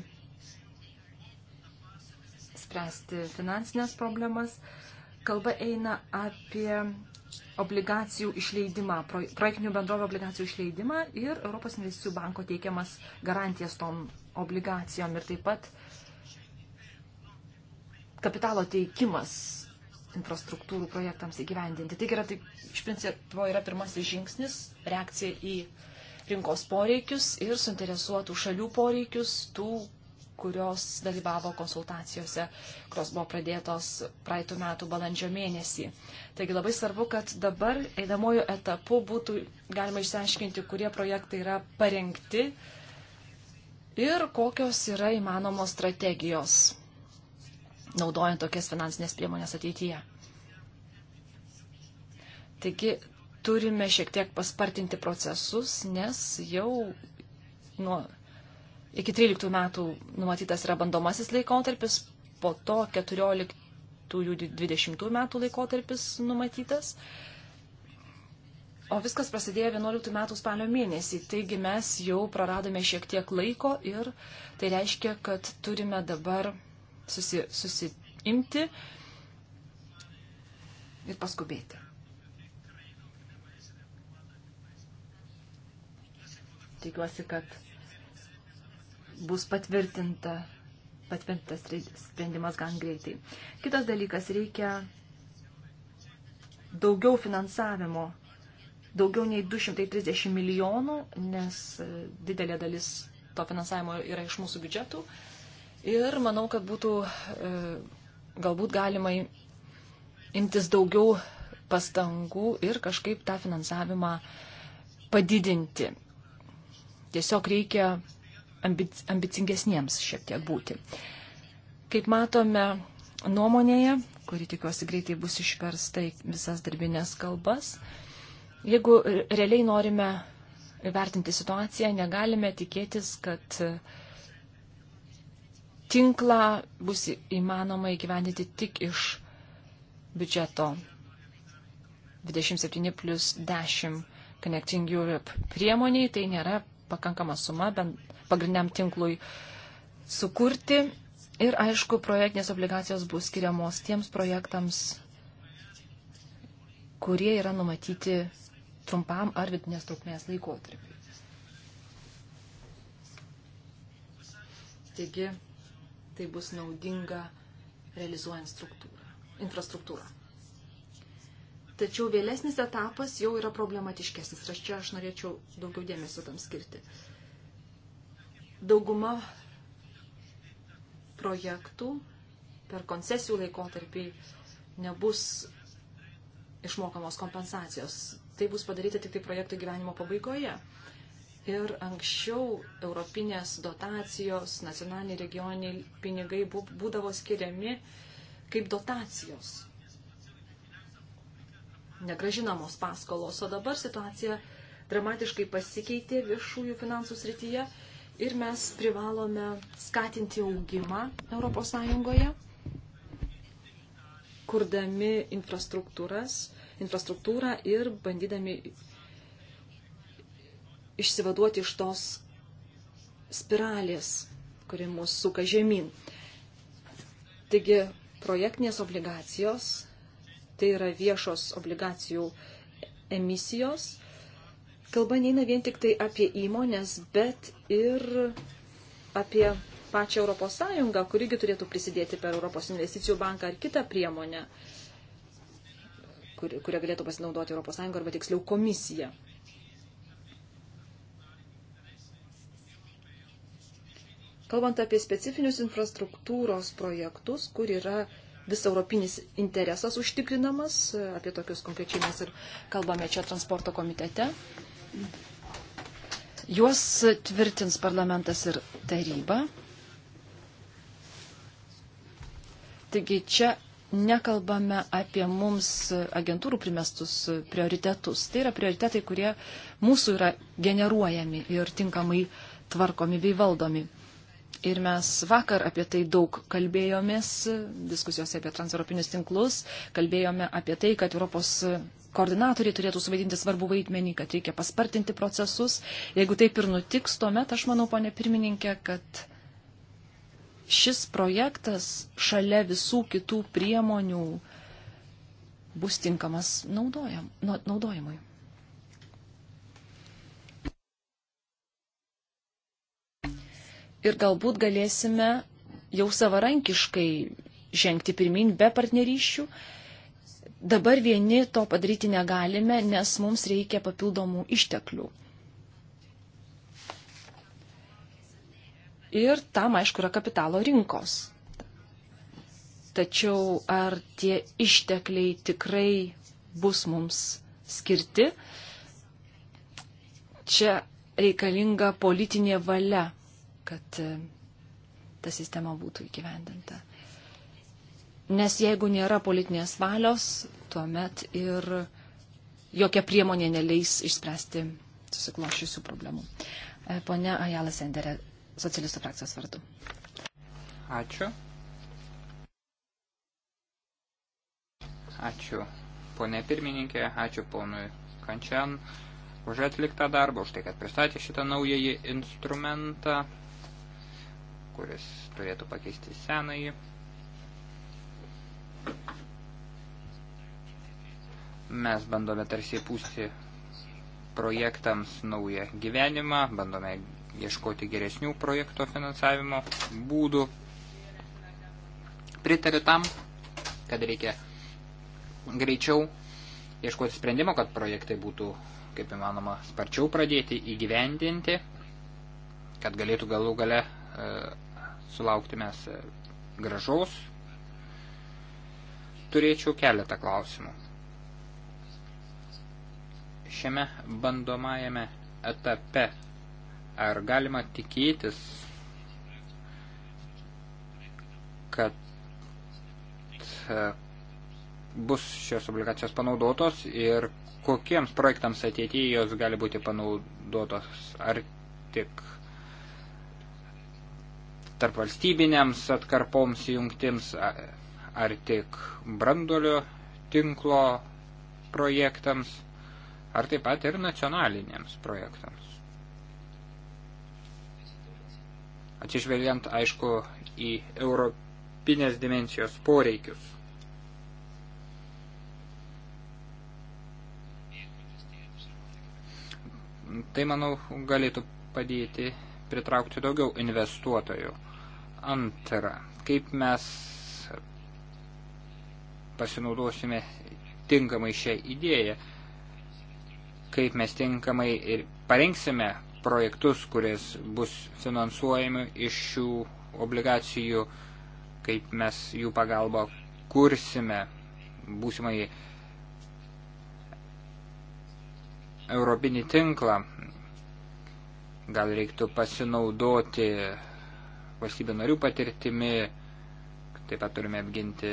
spręsti finansinės problemas. Kalba eina apie obligacijų išleidimą, projektinių bendrovio obligacijų išleidimą ir Europos investicijų banko teikiamas garantijas tom obligacijom ir taip pat kapitalo teikimas infrastruktūrų projektams įgyvendinti. Taigi yra, tai, iš principo, yra pirmasis žingsnis, reakcija į rinkos poreikius ir suinteresuotų šalių poreikius, tų, kurios dalyvavo konsultacijose, kurios buvo pradėtos praeitų metų balandžio mėnesį. Taigi labai svarbu, kad dabar eidamojų etapų būtų galima išsiaiškinti, kurie projektai yra parengti ir kokios yra įmanomos strategijos, naudojant tokias finansinės priemonės ateityje. Taigi turime šiek tiek paspartinti procesus, nes jau nuo iki 13 metų numatytas yra bandomasis laikotarpis, po to 14-20 metų laikotarpis numatytas. O viskas prasidėjo 11 metų spalio mėnesį, taigi mes jau praradome šiek tiek laiko ir tai reiškia, kad turime dabar susi, susiimti ir paskubėti. tikiuosi, kad bus patvirtinta, patvirtintas sprendimas gan greitai. Kitas dalykas, reikia daugiau finansavimo, daugiau nei 230 milijonų, nes e, didelė dalis to finansavimo yra iš mūsų biudžetų. Ir manau, kad būtų e, galbūt galima imtis daugiau pastangų ir kažkaip tą finansavimą padidinti. Tiesiog reikia ambic ambicingesniems šiek tiek būti. Kaip matome nuomonėje, kuri tikiuosi greitai bus išversta į visas darbinės kalbas, jeigu realiai norime vertinti situaciją, negalime tikėtis, kad tinklą bus įmanoma įgyvendinti tik iš biudžeto 27 plus 10 Connecting Europe priemoniai, tai nėra pakankama suma bent pagrindiniam tinklui sukurti. Ir aišku, projektinės obligacijos bus skiriamos tiems projektams, kurie yra numatyti trumpam ar vidinės trukmės laikotarpiu. Taigi, tai bus naudinga realizuojant struktūrą, infrastruktūrą. Tačiau vėlesnis etapas jau yra problematiškesnis. Ir čia aš norėčiau daugiau dėmesio tam skirti. Dauguma projektų per koncesijų laikotarpį nebus išmokamos kompensacijos. Tai bus padaryta tik tai projektų gyvenimo pabaigoje. Ir anksčiau europinės dotacijos, nacionaliniai regioniniai pinigai būdavo skiriami kaip dotacijos negražinamos paskolos. O dabar situacija dramatiškai pasikeitė viešųjų finansų srityje ir mes privalome skatinti augimą ES, kurdami infrastruktūras, infrastruktūrą ir bandydami išsivaduoti iš tos spiralės, kuri mūsų suka žemyn. Taigi projektinės obligacijos tai yra viešos obligacijų emisijos. Kalba neina vien tik tai apie įmonės, bet ir apie pačią Europos Sąjungą, kurigi turėtų prisidėti per Europos investicijų banką ar kitą priemonę, kur, kurią galėtų pasinaudoti Europos Sąjunga arba tiksliau komisija. Kalbant apie specifinius infrastruktūros projektus, kur yra vis europinis interesas užtikrinamas, apie tokius konkrečiai mes ir kalbame čia transporto komitete. Juos tvirtins parlamentas ir taryba. Taigi čia nekalbame apie mums agentūrų primestus prioritetus. Tai yra prioritetai, kurie mūsų yra generuojami ir tinkamai tvarkomi bei valdomi. Ir mes vakar apie tai daug kalbėjomės, diskusijose apie transeuropinius tinklus, kalbėjome apie tai, kad Europos koordinatoriai turėtų suvaidinti svarbų vaidmenį, kad reikia paspartinti procesus. Jeigu taip ir nutiks, tuomet aš manau, ponė pirmininkė, kad šis projektas šalia visų kitų priemonių bus tinkamas naudojam, naudojimui. ir galbūt galėsime jau savarankiškai žengti pirmin be partnerysčių. Dabar vieni to padaryti negalime, nes mums reikia papildomų išteklių. Ir tam, aišku, yra kapitalo rinkos. Tačiau ar tie ištekliai tikrai bus mums skirti? Čia reikalinga politinė valia kad e, ta sistema būtų įgyvendinta. Nes jeigu nėra politinės valios, tuomet ir jokia priemonė neleis išspręsti susiklošiusių problemų. E, Pone Ajala Senderė, socialistų frakcijos vardu. Ačiū. Ačiū ponė pirmininkė, ačiū ponui Kančian už atliktą darbą, už tai, kad pristatė šitą naująjį instrumentą kuris turėtų pakeisti senąjį. Mes bandome tarsi pūsti projektams naują gyvenimą, bandome ieškoti geresnių projekto finansavimo būdų. Pritariu tam, kad reikia greičiau ieškoti sprendimo, kad projektai būtų kaip įmanoma sparčiau pradėti įgyvendinti, kad galėtų galų gale e, sulaukti mes e, gražaus. Turėčiau keletą klausimų. Šiame bandomajame etape ar galima tikėtis, kad e, bus šios obligacijos panaudotos ir kokiems projektams ateityje jos gali būti panaudotos, ar tik tarp valstybinėms atkarpoms jungtims ar tik brandolio tinklo projektams, ar taip pat ir nacionalinėms projektams. Atsižvelgiant, aišku, į europinės dimensijos poreikius. Tai, manau, galėtų padėti pritraukti daugiau investuotojų. Antra, kaip mes pasinaudosime tinkamai šią idėją, kaip mes tinkamai ir parengsime projektus, kuris bus finansuojami iš šių obligacijų, kaip mes jų pagalba kursime būsimai europinį tinklą. Gal reiktų pasinaudoti valstybių narių patirtimi, taip pat turime apginti,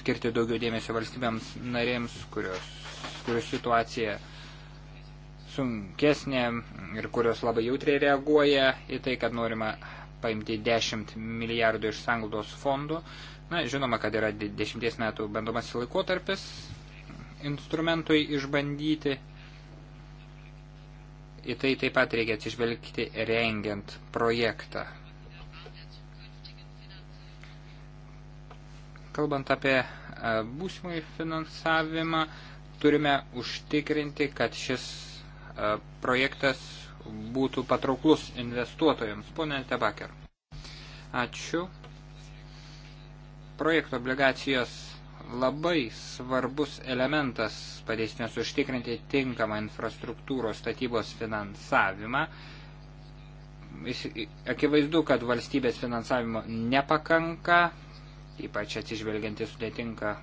skirti daugiau dėmesio valstybėms narėms, kurios, kurios situacija sunkesnė ir kurios labai jautriai reaguoja į tai, kad norima paimti 10 milijardų iš sanglaudos fondų. Na, žinoma, kad yra 10 metų bandomas laikotarpis instrumentui išbandyti. Į tai taip pat reikia atsižvelgti rengiant projektą. Kalbant apie e, būsimąjį finansavimą, turime užtikrinti, kad šis e, projektas būtų patrauklus investuotojams. Pone Tebaker. Ačiū. Projekto obligacijos labai svarbus elementas padėsnės užtikrinti tinkamą infrastruktūros statybos finansavimą. Akivaizdu, kad valstybės finansavimo nepakanka, ypač atsižvelgianti sudėtinga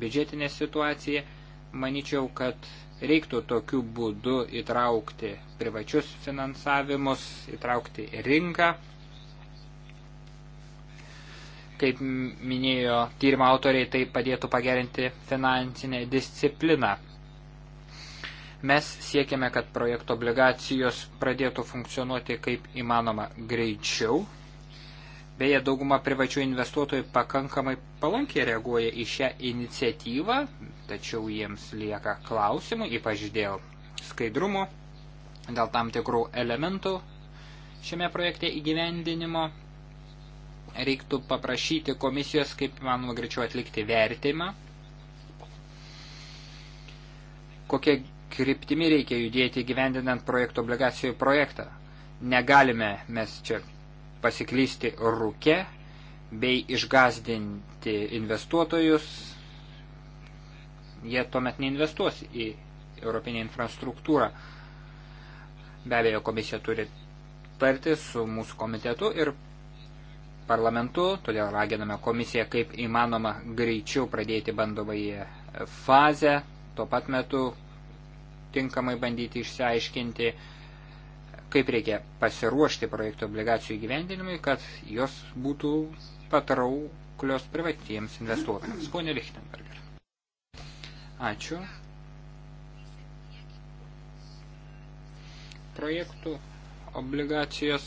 biudžetinė situacija, manyčiau, kad reiktų tokiu būdu įtraukti privačius finansavimus, įtraukti rinką. Kaip minėjo tyrimo autoriai, tai padėtų pagerinti finansinę discipliną. Mes siekiame, kad projekto obligacijos pradėtų funkcionuoti kaip įmanoma greičiau, Beje, dauguma privačių investuotojų pakankamai palankiai reaguoja į šią iniciatyvą, tačiau jiems lieka klausimų, ypač dėl skaidrumo, dėl tam tikrų elementų šiame projekte įgyvendinimo. Reiktų paprašyti komisijos, kaip manoma, greičiau atlikti vertimą, kokia kryptimi reikia judėti gyvendinant projektų obligacijų projektą. Negalime mes čia pasiklysti rūke bei išgazdinti investuotojus, jie tuomet neinvestuos į europinę infrastruktūrą. Be abejo, komisija turi tarti su mūsų komitetu ir parlamentu, todėl raginame komisiją kaip įmanoma greičiau pradėti bandomąją fazę, tuo pat metu tinkamai bandyti išsiaiškinti, kaip reikia pasiruošti projektų obligacijų gyvendinimui, kad jos būtų patrauklios privatiems investuotojams. Pone Lichtenberger. Ačiū. Projektų obligacijos,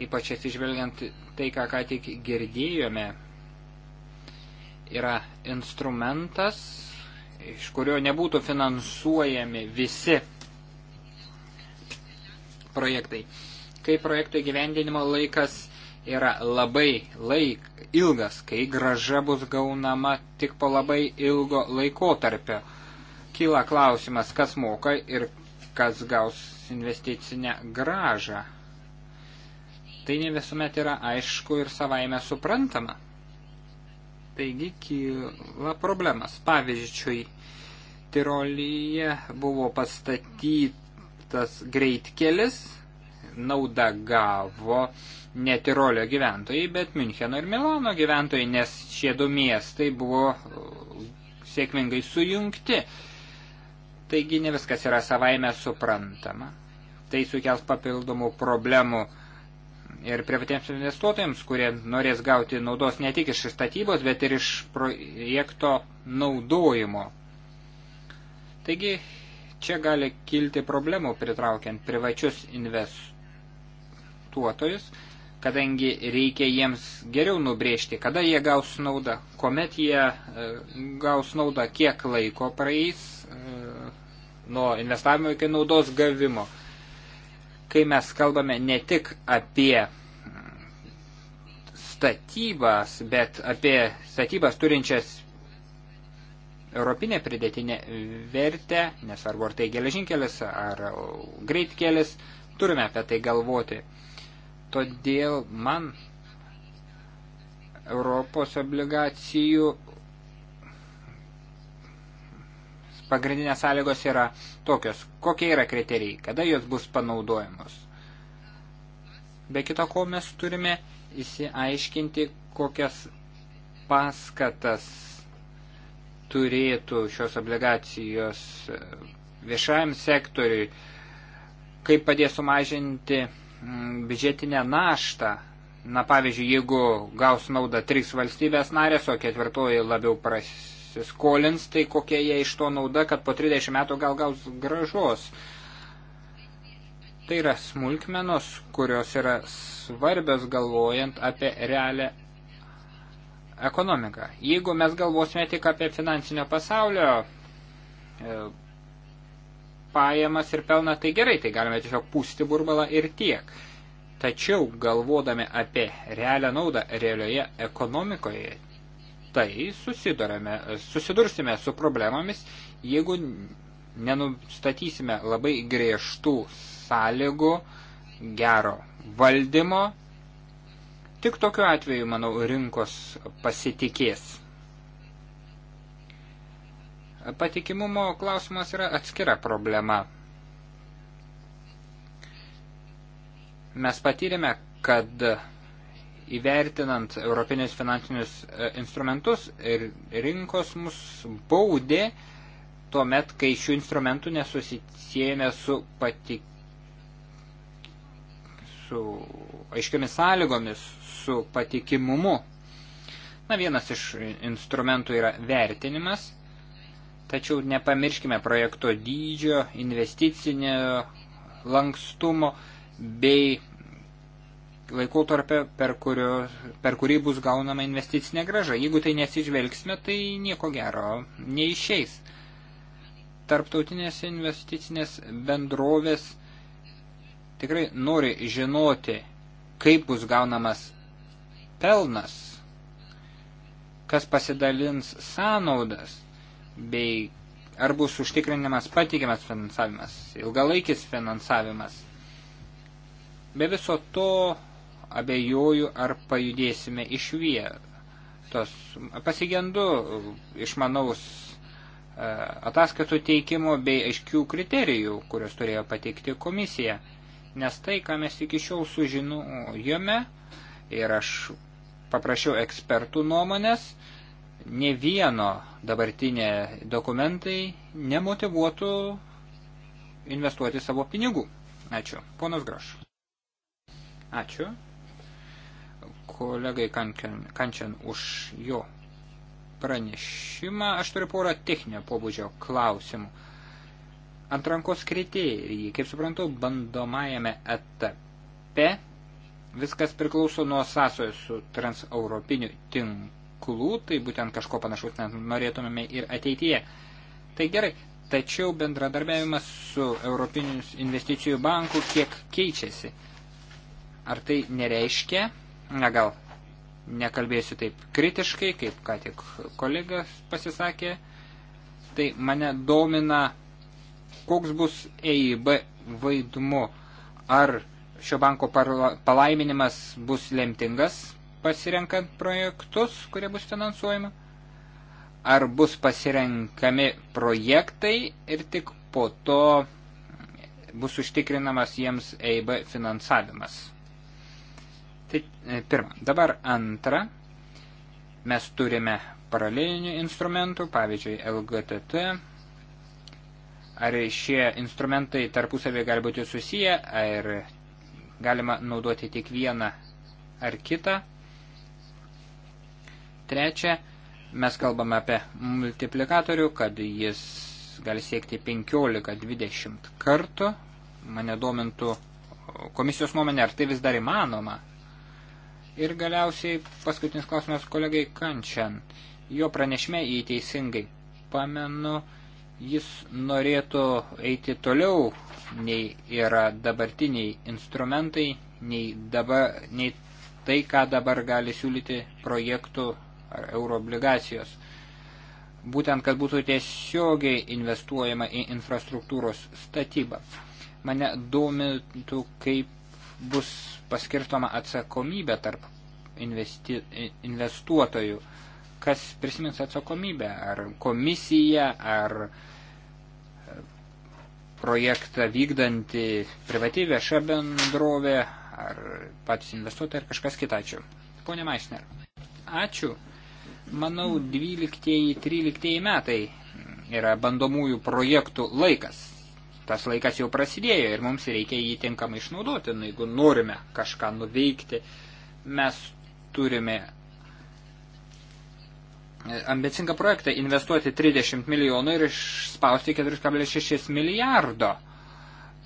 ypač atsižvelgiant tai, ką ką tik girdėjome, yra instrumentas, iš kurio nebūtų finansuojami visi projektai. Kai projektų įgyvendinimo laikas yra labai laik, ilgas, kai graža bus gaunama tik po labai ilgo laikotarpio. Kyla klausimas, kas moka ir kas gaus investicinę gražą. Tai ne visuomet yra aišku ir savaime suprantama. Taigi kyla problemas. Pavyzdžiui, Tirolyje buvo pastatyta paveiktas greitkelis, naudą gavo ne Tirolio gyventojai, bet Müncheno ir Milano gyventojai, nes šie du miestai buvo uh, sėkmingai sujungti. Taigi ne viskas yra savaime suprantama. Tai sukels papildomų problemų ir privatiems investuotojams, kurie norės gauti naudos ne tik iš statybos, bet ir iš projekto naudojimo. Taigi Čia gali kilti problemų pritraukiant privačius investuotojus, kadangi reikia jiems geriau nubrėžti, kada jie gaus naudą, kuomet jie e, gaus naudą, kiek laiko praeis e, nuo investavimo iki naudos gavimo. Kai mes kalbame ne tik apie statybas, bet apie statybas turinčias europinę pridėtinę vertę, nesvarbu ar tai geležinkelis ar greitkelis, turime apie tai galvoti. Todėl man Europos obligacijų pagrindinės sąlygos yra tokios, kokie yra kriterijai, kada jos bus panaudojamos. Be kito ko mes turime įsiaiškinti, kokias paskatas turėtų šios obligacijos e, viešajam sektoriui, kaip padės sumažinti mm, biudžetinę naštą. Na pavyzdžiui, jeigu gaus naudą trys valstybės narės, o ketvirtoji labiau prasiskolins, tai kokia jie iš to nauda, kad po 30 metų gal gaus gražos. Tai yra smulkmenos, kurios yra svarbios galvojant apie realią ekonomiką. Jeigu mes galvosime tik apie finansinio pasaulio e, pajamas ir pelną, tai gerai, tai galime tiesiog pūsti burbalą ir tiek. Tačiau galvodami apie realią naudą realioje ekonomikoje, tai susidursime su problemomis, jeigu nenustatysime labai griežtų sąlygų gero valdymo Tik tokiu atveju, manau, rinkos pasitikės. Patikimumo klausimas yra atskira problema. Mes patyrėme, kad įvertinant europinius finansinius e, instrumentus ir rinkos mus baudė tuo met, kai šių instrumentų nesusisėjame su patik su aiškiamis sąlygomis, su patikimumu. Na, vienas iš instrumentų yra vertinimas, tačiau nepamirškime projekto dydžio, investicinio lankstumo bei laikotarpio, per, kurio, per kurį bus gaunama investicinė graža. Jeigu tai nesižvelgsime, tai nieko gero neišeis. Tarptautinės investicinės bendrovės tikrai nori žinoti, kaip bus gaunamas pelnas, kas pasidalins sąnaudas, bei ar bus užtikrinimas patikimas finansavimas, ilgalaikis finansavimas. Be viso to abejoju, ar pajudėsime iš vietos. Pasigendu uh, išmanaus uh, ataskaitų teikimo bei aiškių kriterijų, kurios turėjo pateikti komisija. Nes tai, ką mes iki šiol sužinojome, ir aš paprašiau ekspertų nuomonės, ne vieno dabartinė dokumentai nemotivuotų investuoti savo pinigų. Ačiū. Ponas Graš. Ačiū kolegai Kančian, Kančian už jo pranešimą. Aš turiu porą techninio pobūdžio klausimų. Antrankos kriterijai, kaip suprantu, bandomajame etape Viskas priklauso nuo sąsojo su transeuropiniu tinklu, tai būtent kažko panašaus norėtumėme ir ateityje. Tai gerai, tačiau bendradarbiavimas su Europinius investicijų banku kiek keičiasi. Ar tai nereiškia, na gal nekalbėsiu taip kritiškai, kaip ką tik kolegas pasisakė, tai mane domina, koks bus EIB vaidmo, ar šio banko palaiminimas bus lemtingas pasirenkant projektus, kurie bus finansuojami? Ar bus pasirenkami projektai ir tik po to bus užtikrinamas jiems EIB finansavimas? Tai e, pirma. Dabar antra. Mes turime paralelinių instrumentų, pavyzdžiui, LGTT. Ar šie instrumentai tarpusavėje gali būti susiję, ar Galima naudoti tik vieną ar kitą. Trečia, mes kalbame apie multiplikatorių, kad jis gali siekti 15-20 kartų. Mane domintų komisijos nuomenė, ar tai vis dar įmanoma. Ir galiausiai paskutinis klausimas kolegai Kančian. Jo pranešme jį teisingai pamenu, jis norėtų eiti toliau, nei yra dabartiniai instrumentai, nei, dabar, nei tai, ką dabar gali siūlyti projektų ar euroobligacijos. Būtent, kad būtų tiesiogiai investuojama į infrastruktūros statybą. Mane domintų, kaip bus paskirtoma atsakomybė tarp investi, investuotojų, kas prisimins atsakomybę, ar komisija, ar uh, projektą vykdanti privati vieša bendrovė, ar patys investuotojai, ar kažkas kita. Ačiū. Pone Maisner. Ačiū. Manau, 12-13 metai yra bandomųjų projektų laikas. Tas laikas jau prasidėjo ir mums reikia jį tinkamai išnaudoti, nu, jeigu norime kažką nuveikti. Mes turime ambicingą projektą investuoti 30 milijonų ir išspausti 4,6 milijardo.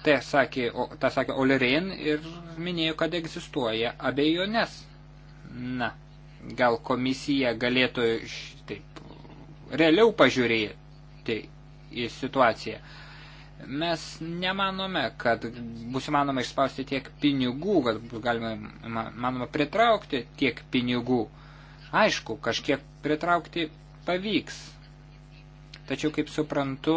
Tai sakė, o, ta sakė Ole Rein ir minėjo, kad egzistuoja abejonės. Na, gal komisija galėtų taip realiau pažiūrėti į situaciją. Mes nemanome, kad bus įmanoma išspausti tiek pinigų, kad bus galima manoma pritraukti tiek pinigų. Aišku, kažkiek pritraukti pavyks. Tačiau, kaip suprantu,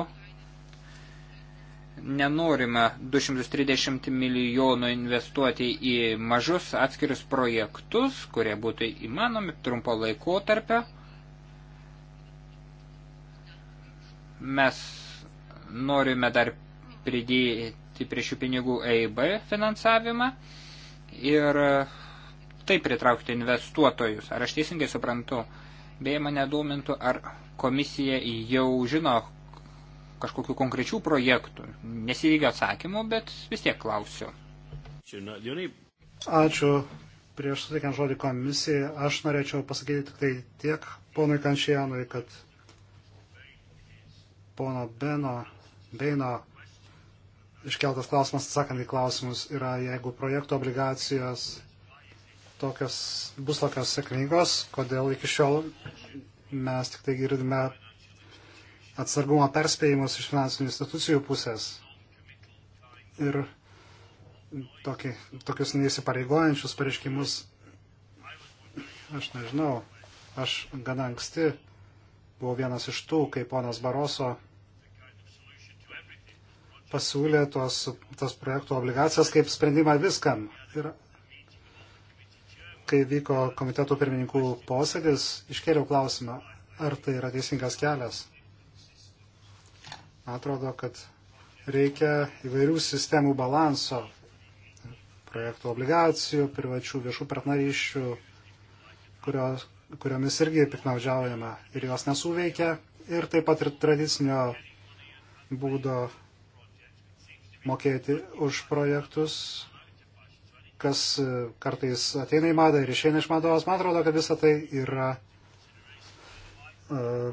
nenorime 230 milijonų investuoti į mažus atskirius projektus, kurie būtų įmanomi trumpo laikotarpio. Mes norime dar pridėti prie šių pinigų EIB finansavimą ir taip pritraukti investuotojus. Ar aš teisingai suprantu? Beje, mane domintų, ar komisija jau žino kažkokių konkrečių projektų. Nesivygia atsakymų, bet vis tiek klausiu. Ačiū. Prieš suteikiant žodį komisijai, aš norėčiau pasakyti tik tai tiek ponui Kančianui, kad pono Beno, Beino iškeltas klausimas, atsakant į klausimus, yra jeigu projektų obligacijos tokios, bus tokios sėkmingos, kodėl iki šiol mes tik tai girdime atsargumo perspėjimus iš finansinių institucijų pusės ir tokį, tokius neįsipareigojančius pareiškimus. Aš nežinau, aš gana anksti buvau vienas iš tų, kai ponas Baroso pasiūlė tuos, tas projektų obligacijas kaip sprendimą viskam. Ir kai vyko komitetų pirmininkų posėdis, iškėliau klausimą, ar tai yra teisingas kelias. Man atrodo, kad reikia įvairių sistemų balanso, projektų obligacijų, privačių viešų partnerysčių, kurios, kuriomis irgi piknaudžiaujama ir jos nesuveikia, ir taip pat ir tradicinio būdo mokėti už projektus, kas e, kartais ateina į madą ir išeina iš mados. Man atrodo, kad visa tai yra uh,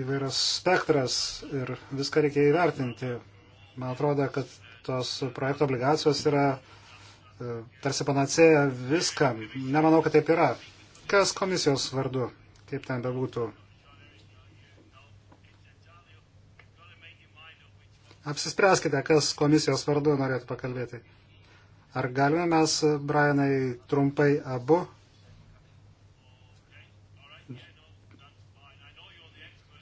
įvairias spektras ir viską reikia įvertinti. Man atrodo, kad tos projekto obligacijos yra uh, tarsi panacėja viskam. Nemanau, kad taip yra. Kas komisijos vardu, kaip ten bebūtų. Apsispręskite, kas komisijos vardu norėtų pakalbėti. Ar galime mes, Brianai, trumpai abu?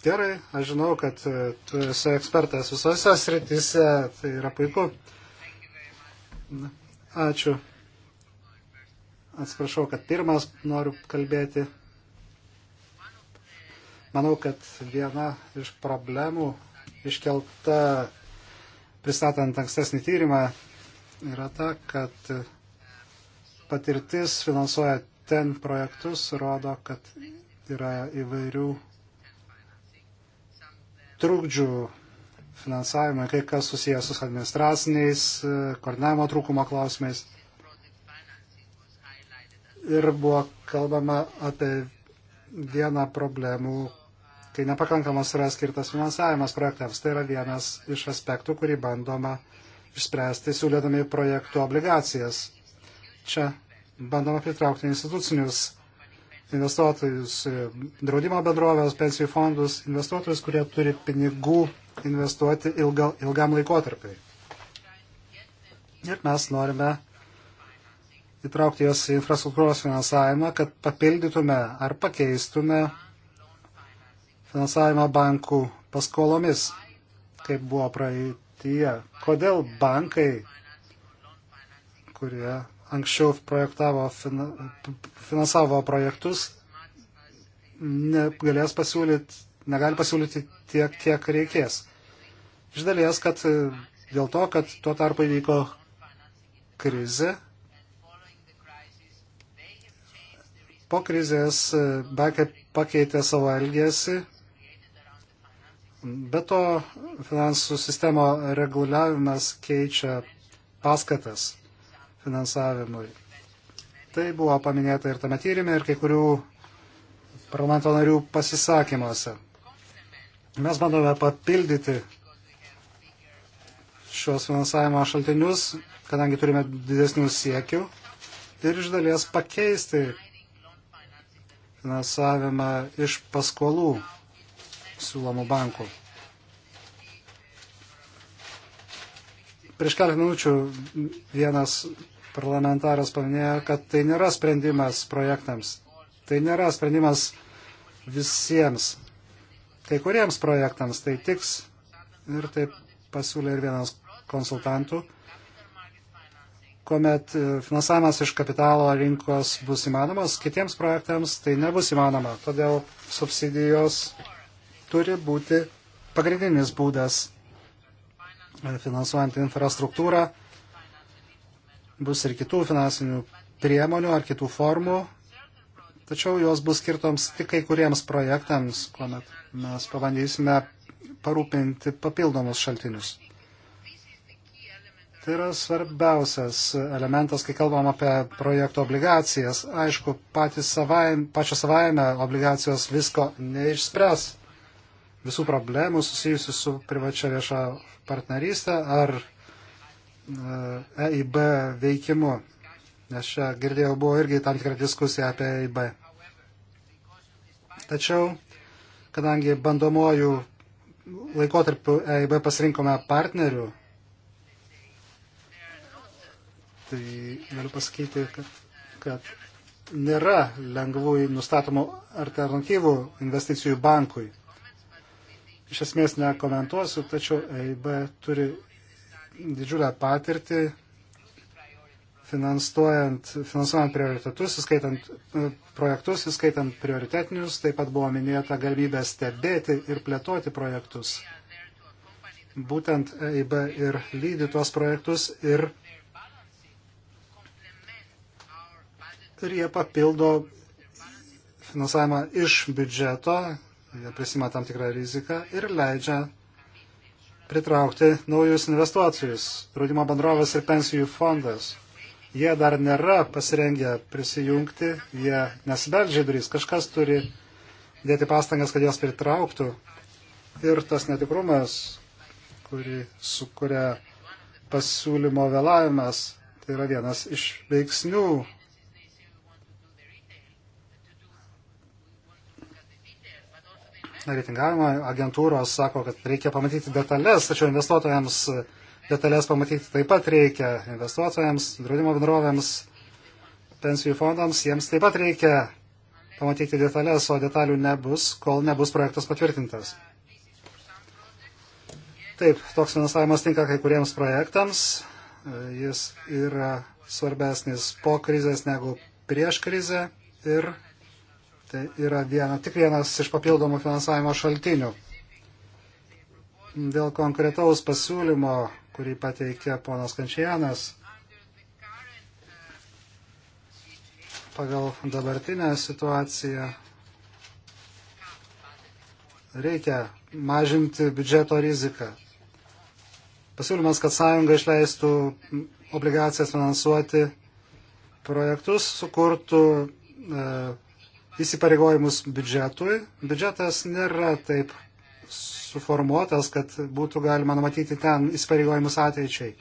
Gerai, aš žinau, kad e, tu esi ekspertas visose sritise, tai yra puiku. Ačiū. Atsiprašau, kad pirmas noriu kalbėti. Manau, kad viena iš problemų iškelta pristatant ankstesnį tyrimą yra ta, kad patirtis finansuoja ten projektus, rodo, kad yra įvairių trukdžių finansavimai, kai kas susijęs su administraciniais, koordinavimo trūkumo klausimais. Ir buvo kalbama apie vieną problemų, kai nepakankamas yra skirtas finansavimas projektams. Tai yra vienas iš aspektų, kurį bandoma uh, išspręsti, siūlėdami projektų obligacijas. Čia bandoma pritraukti institucinius investuotojus, draudimo bendrovės, pensijų fondus, investuotojus, kurie turi pinigų investuoti ilga, ilgam laikotarpiai. Ir mes norime įtraukti jas į infrastruktūros finansavimą, kad papildytume ar pakeistume finansavimą bankų paskolomis, kaip buvo praeit srityje. Kodėl bankai, kurie anksčiau projektavo, finansavo projektus, negalės pasiūlyti, negali pasiūlyti tiek, kiek reikės. Iš dalies, kad e, dėl to, kad tuo tarpu įvyko krizė, po krizės e, bankai pakeitė savo elgesį Be to, finansų sistemo reguliavimas keičia paskatas finansavimui. Tai buvo paminėta ir tame tyrimė, ir kai kurių parlamento narių pasisakymuose. Mes bandome papildyti šios finansavimo šaltinius, kadangi turime didesnių siekių, ir iš dalies pakeisti finansavimą iš paskolų siūlomų bankų. Prieš keletą minučių vienas parlamentaras paminėjo, kad tai nėra sprendimas projektams. Tai nėra sprendimas visiems. Kai kuriems projektams tai tiks ir taip pasiūlė ir vienas konsultantų, kuomet finansavimas iš kapitalo rinkos bus įmanomas, kitiems projektams tai nebus įmanoma. Todėl subsidijos turi būti pagrindinis būdas finansuojant infrastruktūrą. Bus ir kitų finansinių priemonių ar kitų formų, tačiau jos bus skirtoms tik kai kuriems projektams, kuomet mes pabandysime parūpinti papildomus šaltinius. Tai yra svarbiausias elementas, kai kalbam apie projektų obligacijas. Aišku, patys savaime, pačio savaime obligacijos visko neišspręs visų problemų susijusių su privačia vieša partnerystė ar EIB e veikimu. Nes čia girdėjau buvo irgi tam tikrą diskusiją apie EIB. Tačiau, kadangi bandomojų laikotarpių EIB pasirinkome partnerių, tai galiu pasakyti, kad, kad nėra lengvai nustatomų alternatyvų investicijų bankui iš esmės nekomentuosiu, tačiau EIB turi didžiulę patirtį finansuojant, finansuojant prioritetus, įskaitant e, projektus, įskaitant prioritetinius, taip pat buvo minėta galimybė stebėti ir plėtoti projektus. Būtent EIB ir lydi tuos projektus ir, ir jie papildo finansavimą iš biudžeto prisima tam tikrą riziką ir leidžia pritraukti naujus investuotojus, draudimo bendrovės ir pensijų fondas. Jie dar nėra pasirengę prisijungti, jie nesibeldžia durys, kažkas turi dėti pastangas, kad jos pritrauktų. Ir tas netikrumas, kurį sukuria pasiūlymo vėlavimas, tai yra vienas iš veiksnių, reitingavimą. Agentūros sako, kad reikia pamatyti detalės, tačiau investuotojams detalės pamatyti taip pat reikia. Investuotojams, draudimo bendrovėms, pensijų fondams, jiems taip pat reikia pamatyti detalės, o detalių nebus, kol nebus projektas patvirtintas. Taip, toks finansavimas tinka kai kuriems projektams. Jis yra svarbesnis po krizės negu prieš krizę ir Tai yra viena, tik vienas iš papildomų finansavimo šaltinių. Dėl konkretaus pasiūlymo, kurį pateikė ponas Kančianas, pagal dabartinę situaciją reikia mažinti biudžeto riziką. Pasiūlymas, kad sąjunga išleistų obligacijas finansuoti projektus, sukurtų e, įsipareigojimus biudžetui. Biudžetas nėra taip suformuotas, kad būtų galima numatyti ten įsipareigojimus ateičiai.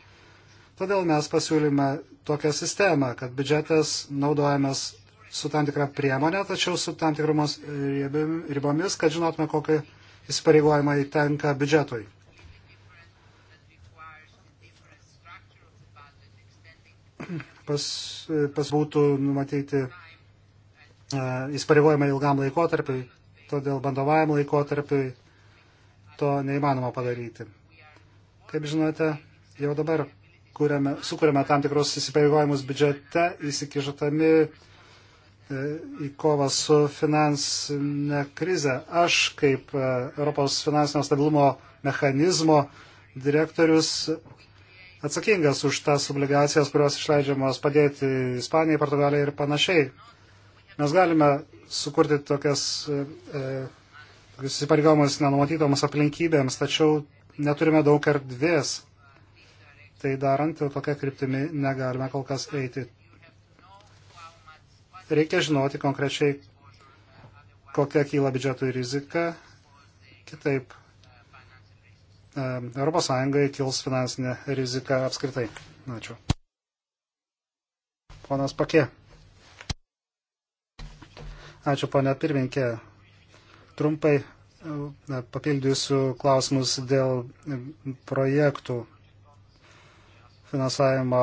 Todėl mes pasiūlyme tokią sistemą, kad biudžetas naudojamas su tam tikra priemonė, tačiau su tam tikromis ribomis, kad žinotume, kokie įsipareigojimai tenka biudžetui. Pas, pas būtų numatyti E, įsipareigojimai ilgam laikotarpiui, todėl bandovajam laikotarpiui to neįmanoma padaryti. Kaip žinote, jau dabar kūrėme, sukūrėme tam tikrus įsipareigojimus biudžete, įsikižatami e, į kovą su finansinė krize. Aš kaip e, Europos finansinio stabilumo mechanizmo direktorius atsakingas už tas obligacijas, kurios išleidžiamos padėti Ispanijai, Portugalijai ir panašiai. Mes galime sukurti tokias e, e įsipareigojimus nenumatytoms aplinkybėms, tačiau neturime daug erdvės. Tai darant, tokia kryptimi negalime kol kas eiti. Reikia žinoti konkrečiai, kokia kyla biudžetui rizika, kitaip e, Europos Sąjungai kils finansinė rizika apskritai. Ačiū. Ponas Pakė. Ačiū, ponia pirminkė. Trumpai papildysiu klausimus dėl projektų finansavimo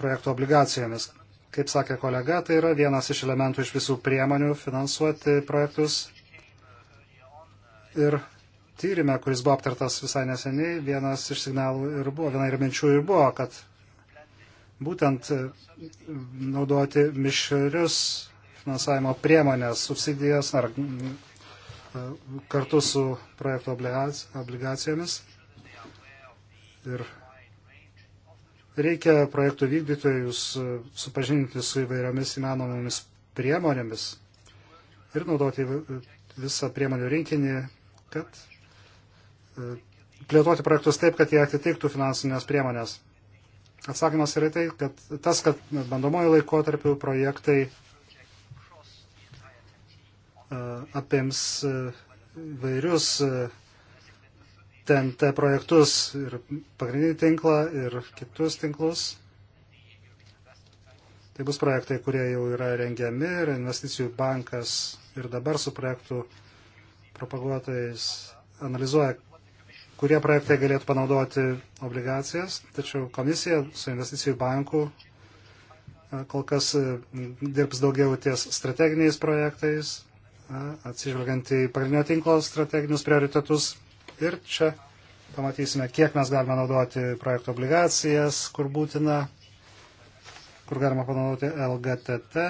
projektų obligacijomis. Kaip sakė kolega, tai yra vienas iš elementų iš visų priemonių finansuoti projektus. Ir tyrimė, kuris buvo aptartas visai neseniai, vienas iš signalų ir buvo, viena ir minčių ir buvo, kad būtent e, naudoti mišrius finansavimo priemonės, subsidijas ar e, kartu su projekto obligacijomis. Ir reikia projektų vykdytojus e, supažinti su įvairiomis įmanomomis priemonėmis ir naudoti visą priemonių rinkinį, kad plėtoti projektus taip, kad jie atitiktų finansinės priemonės. Atsakymas yra tai, kad tas, kad bandomojo laikotarpiu projektai e, apims e, vairius e, TNT projektus ir pagrindinį tinklą ir kitus tinklus. Tai bus projektai, kurie jau yra rengiami ir investicijų bankas ir dabar su projektų propaguotojais analizuoja, kurie projektai galėtų panaudoti obligacijas, tačiau komisija su investicijų banku e, kol kas e, dirbs daugiau ties strateginiais projektais, e, atsižvelgiant į pagrindinio tinklo strateginius prioritetus. Ir čia pamatysime, kiek mes galime naudoti projektų obligacijas, kur būtina, kur galima panaudoti LGTT,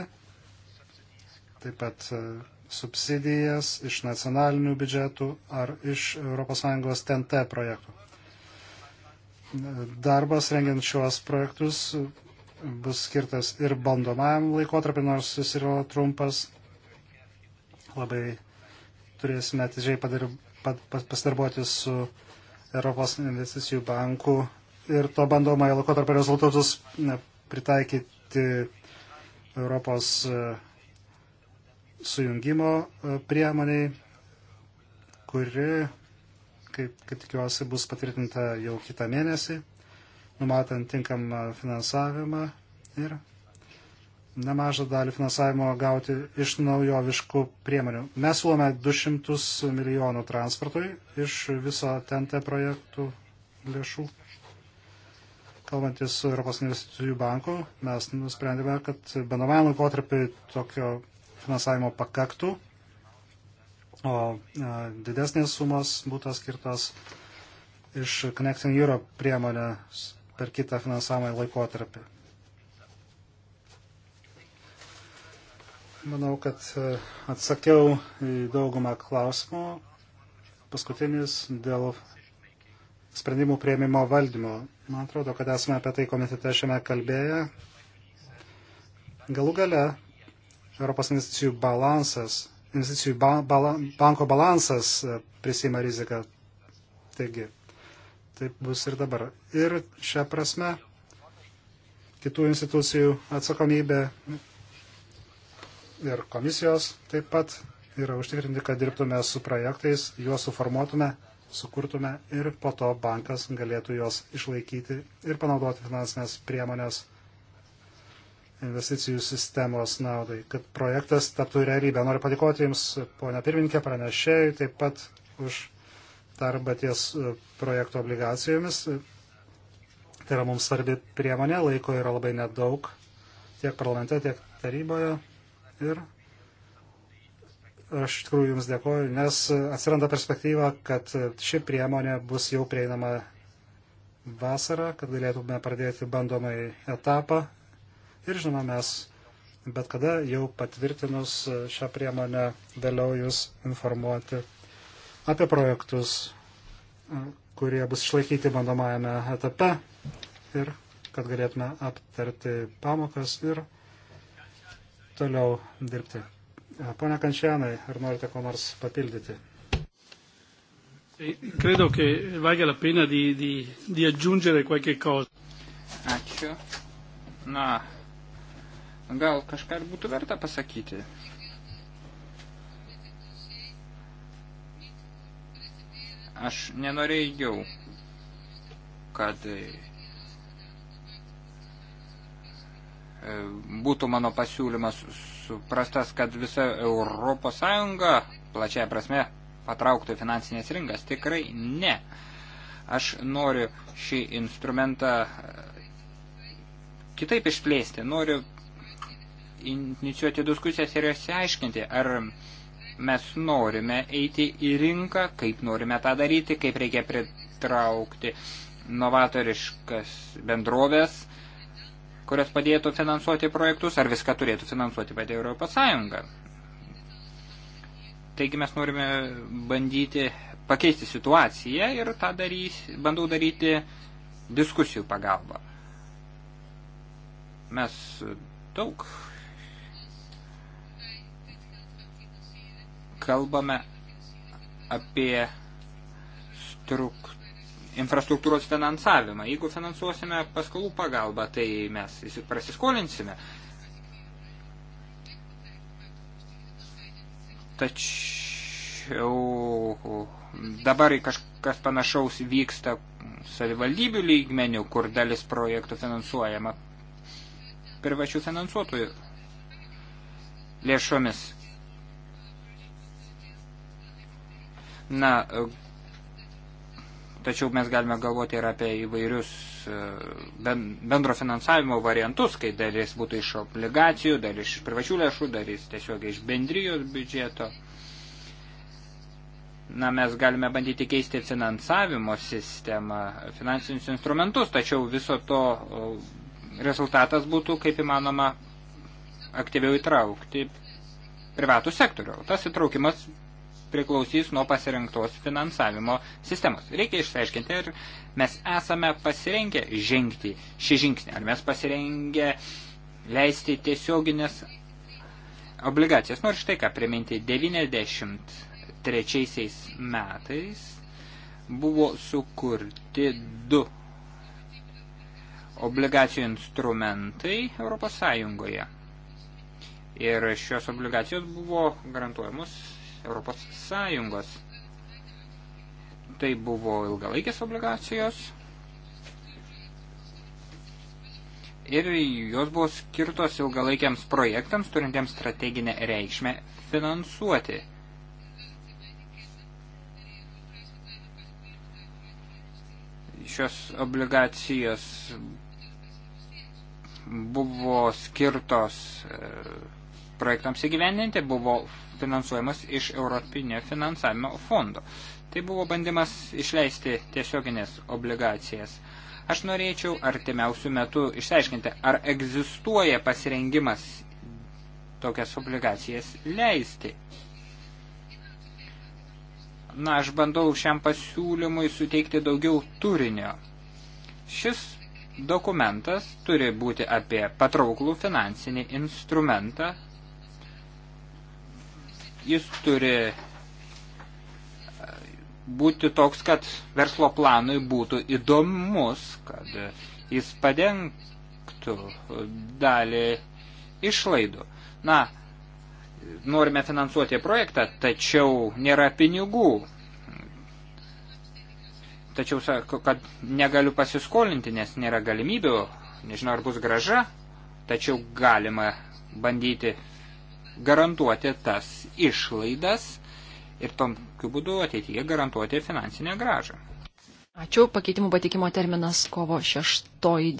taip pat subsidijas iš nacionalinių biudžetų ar iš ES TNT projektų. Darbas rengiant šiuos projektus bus skirtas ir bandomajam laikotarpiu, nors jis yra trumpas. Labai turėsime atidžiai padarb, pad, pasidarbuoti su Europos investicijų banku ir to bandomąjį laikotarpio rezultatus pritaikyti Europos sujungimo e, priemoniai, kuri, kaip, kaip tikiuosi, bus patvirtinta jau kitą mėnesį, numatant tinkamą finansavimą ir nemažą dalį finansavimo gauti iš naujoviškų priemonių. Mes siūlome 200 milijonų transportui iš viso TNT projektų lėšų. Kalbantis su Europos investicijų banku, mes nusprendėme, kad bendrajam laikotarpiu tokio finansavimo pakaktų, o didesnės sumos būtų skirtos iš Connecting Europe priemonės per kitą finansavimo laikotarpį. Manau, kad atsakiau į daugumą klausimų. Paskutinis dėl sprendimų prieimimo valdymo. Man atrodo, kad esame apie tai komitete šiame kalbėję. Galų gale Europos investicijų balansas, investicijų ba, bala, banko balansas e, prisima riziką. Taigi, taip bus ir dabar. Ir šią prasme kitų institucijų atsakomybė ir komisijos taip pat yra užtikrinti, kad dirbtume su projektais, juos suformuotume, sukurtume ir po to bankas galėtų juos išlaikyti ir panaudoti finansinės priemonės investicijų sistemos naudai, kad projektas taptų realybę. Noriu padėkoti Jums, ponia pirmininkė, pranešėjai, taip pat už darbą ties e, projektų obligacijomis. Tai yra mums svarbi priemonė, laiko yra labai nedaug tiek parlamente, tiek taryboje. Ir aš iš tikrųjų Jums dėkoju, nes atsiranda perspektyva, kad ši priemonė bus jau prieinama vasarą, kad galėtume pradėti bandomai etapą Ir žinoma, mes bet kada jau patvirtinus šią priemonę vėliau jūs informuoti apie projektus, kurie bus išlaikyti bandomajame etape ir kad galėtume aptarti pamokas ir toliau dirbti. Pone Kančianai, ar norite ko nors papildyti? Credo che valga la pena di, di, di aggiungere qualche cosa. Ačiū. Na, Gal kažką ir būtų verta pasakyti. Aš nenorėjau, kad e, būtų mano pasiūlymas suprastas, kad visa Europos Sąjunga, plačiai prasme, patrauktų finansinės rinkas. Tikrai ne. Aš noriu šį instrumentą e, kitaip išplėsti. Noriu inicijuoti diskusijas ir jos aiškinti, ar mes norime eiti į rinką, kaip norime tą daryti, kaip reikia pritraukti novatoriškas bendrovės, kurios padėtų finansuoti projektus, ar viską turėtų finansuoti pati Europos Sąjunga. Taigi mes norime bandyti pakeisti situaciją ir tą darys, bandau daryti diskusijų pagalba. Mes daug kalbame apie struktūrą infrastruktūros finansavimą. Jeigu finansuosime paskolų pagalbą, tai mes prasiskolinsime. Tačiau dabar kažkas panašaus vyksta savivaldybių lygmenių, kur dalis projektų finansuojama privačių finansuotojų lėšomis. Na, e, tačiau mes galime galvoti ir apie įvairius e, bendro finansavimo variantus, kai dalis būtų iš obligacijų, dalis iš privačių lėšų, dalis tiesiog iš bendrijos biudžeto. Na, mes galime bandyti keisti finansavimo sistemą, finansinius instrumentus, tačiau viso to rezultatas būtų, kaip įmanoma, aktyviau įtraukti privatų sektorių. Tas įtraukimas priklausys nuo pasirinktos finansavimo sistemos. Reikia išsiaiškinti, ar mes esame pasirengę žengti šį žingsnį, ar mes pasirengę leisti tiesioginės obligacijas. Nors štai ką priminti, 93 metais buvo sukurti du obligacijų instrumentai Europos Sąjungoje. Ir šios obligacijos buvo garantuojamos Europos Sąjungos. Tai buvo ilgalaikės obligacijos ir jos buvo skirtos ilgalaikiams projektams, turintiems strateginę reikšmę finansuoti. Šios obligacijos buvo skirtos e, projektams įgyvendinti, buvo finansuojamas iš Europinio finansavimo fondo. Tai buvo bandymas išleisti tiesioginės obligacijas. Aš norėčiau artimiausių metų išsiaiškinti, ar egzistuoja pasirengimas tokias obligacijas leisti. Na, aš bandau šiam pasiūlymui suteikti daugiau turinio. Šis dokumentas turi būti apie patrauklų finansinį instrumentą, jis turi e, būti toks, kad verslo planui būtų įdomus, kad jis padengtų dalį išlaidų. Na, norime finansuoti projektą, tačiau nėra pinigų. Tačiau sako, kad negaliu pasiskolinti, nes nėra galimybių, nežinau ar bus graža, tačiau galima bandyti garantuoti tas išlaidas ir tokiu būdu ateityje garantuoti finansinę gražą. Ačiū. Pakeitimų patikimo terminas kovo 6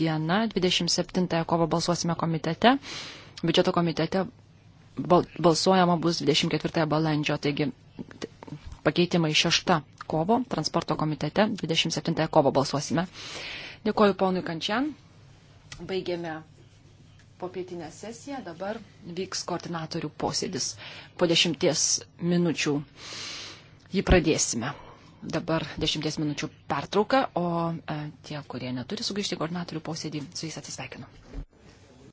diena, 27 kovo balsuosime komitete. Biudžeto komitete balsuojama bus 24 balandžio, taigi pakeitimai 6 kovo, transporto komitete 27 kovo balsuosime. Dėkoju ponui Kančian. Baigėme popietinę sesiją. Dabar vyks koordinatorių posėdis. Po dešimties minučių jį pradėsime. Dabar dešimties minučių pertrauka, o e, tie, kurie neturi sugrįžti koordinatorių posėdį, su jais atsisveikinu.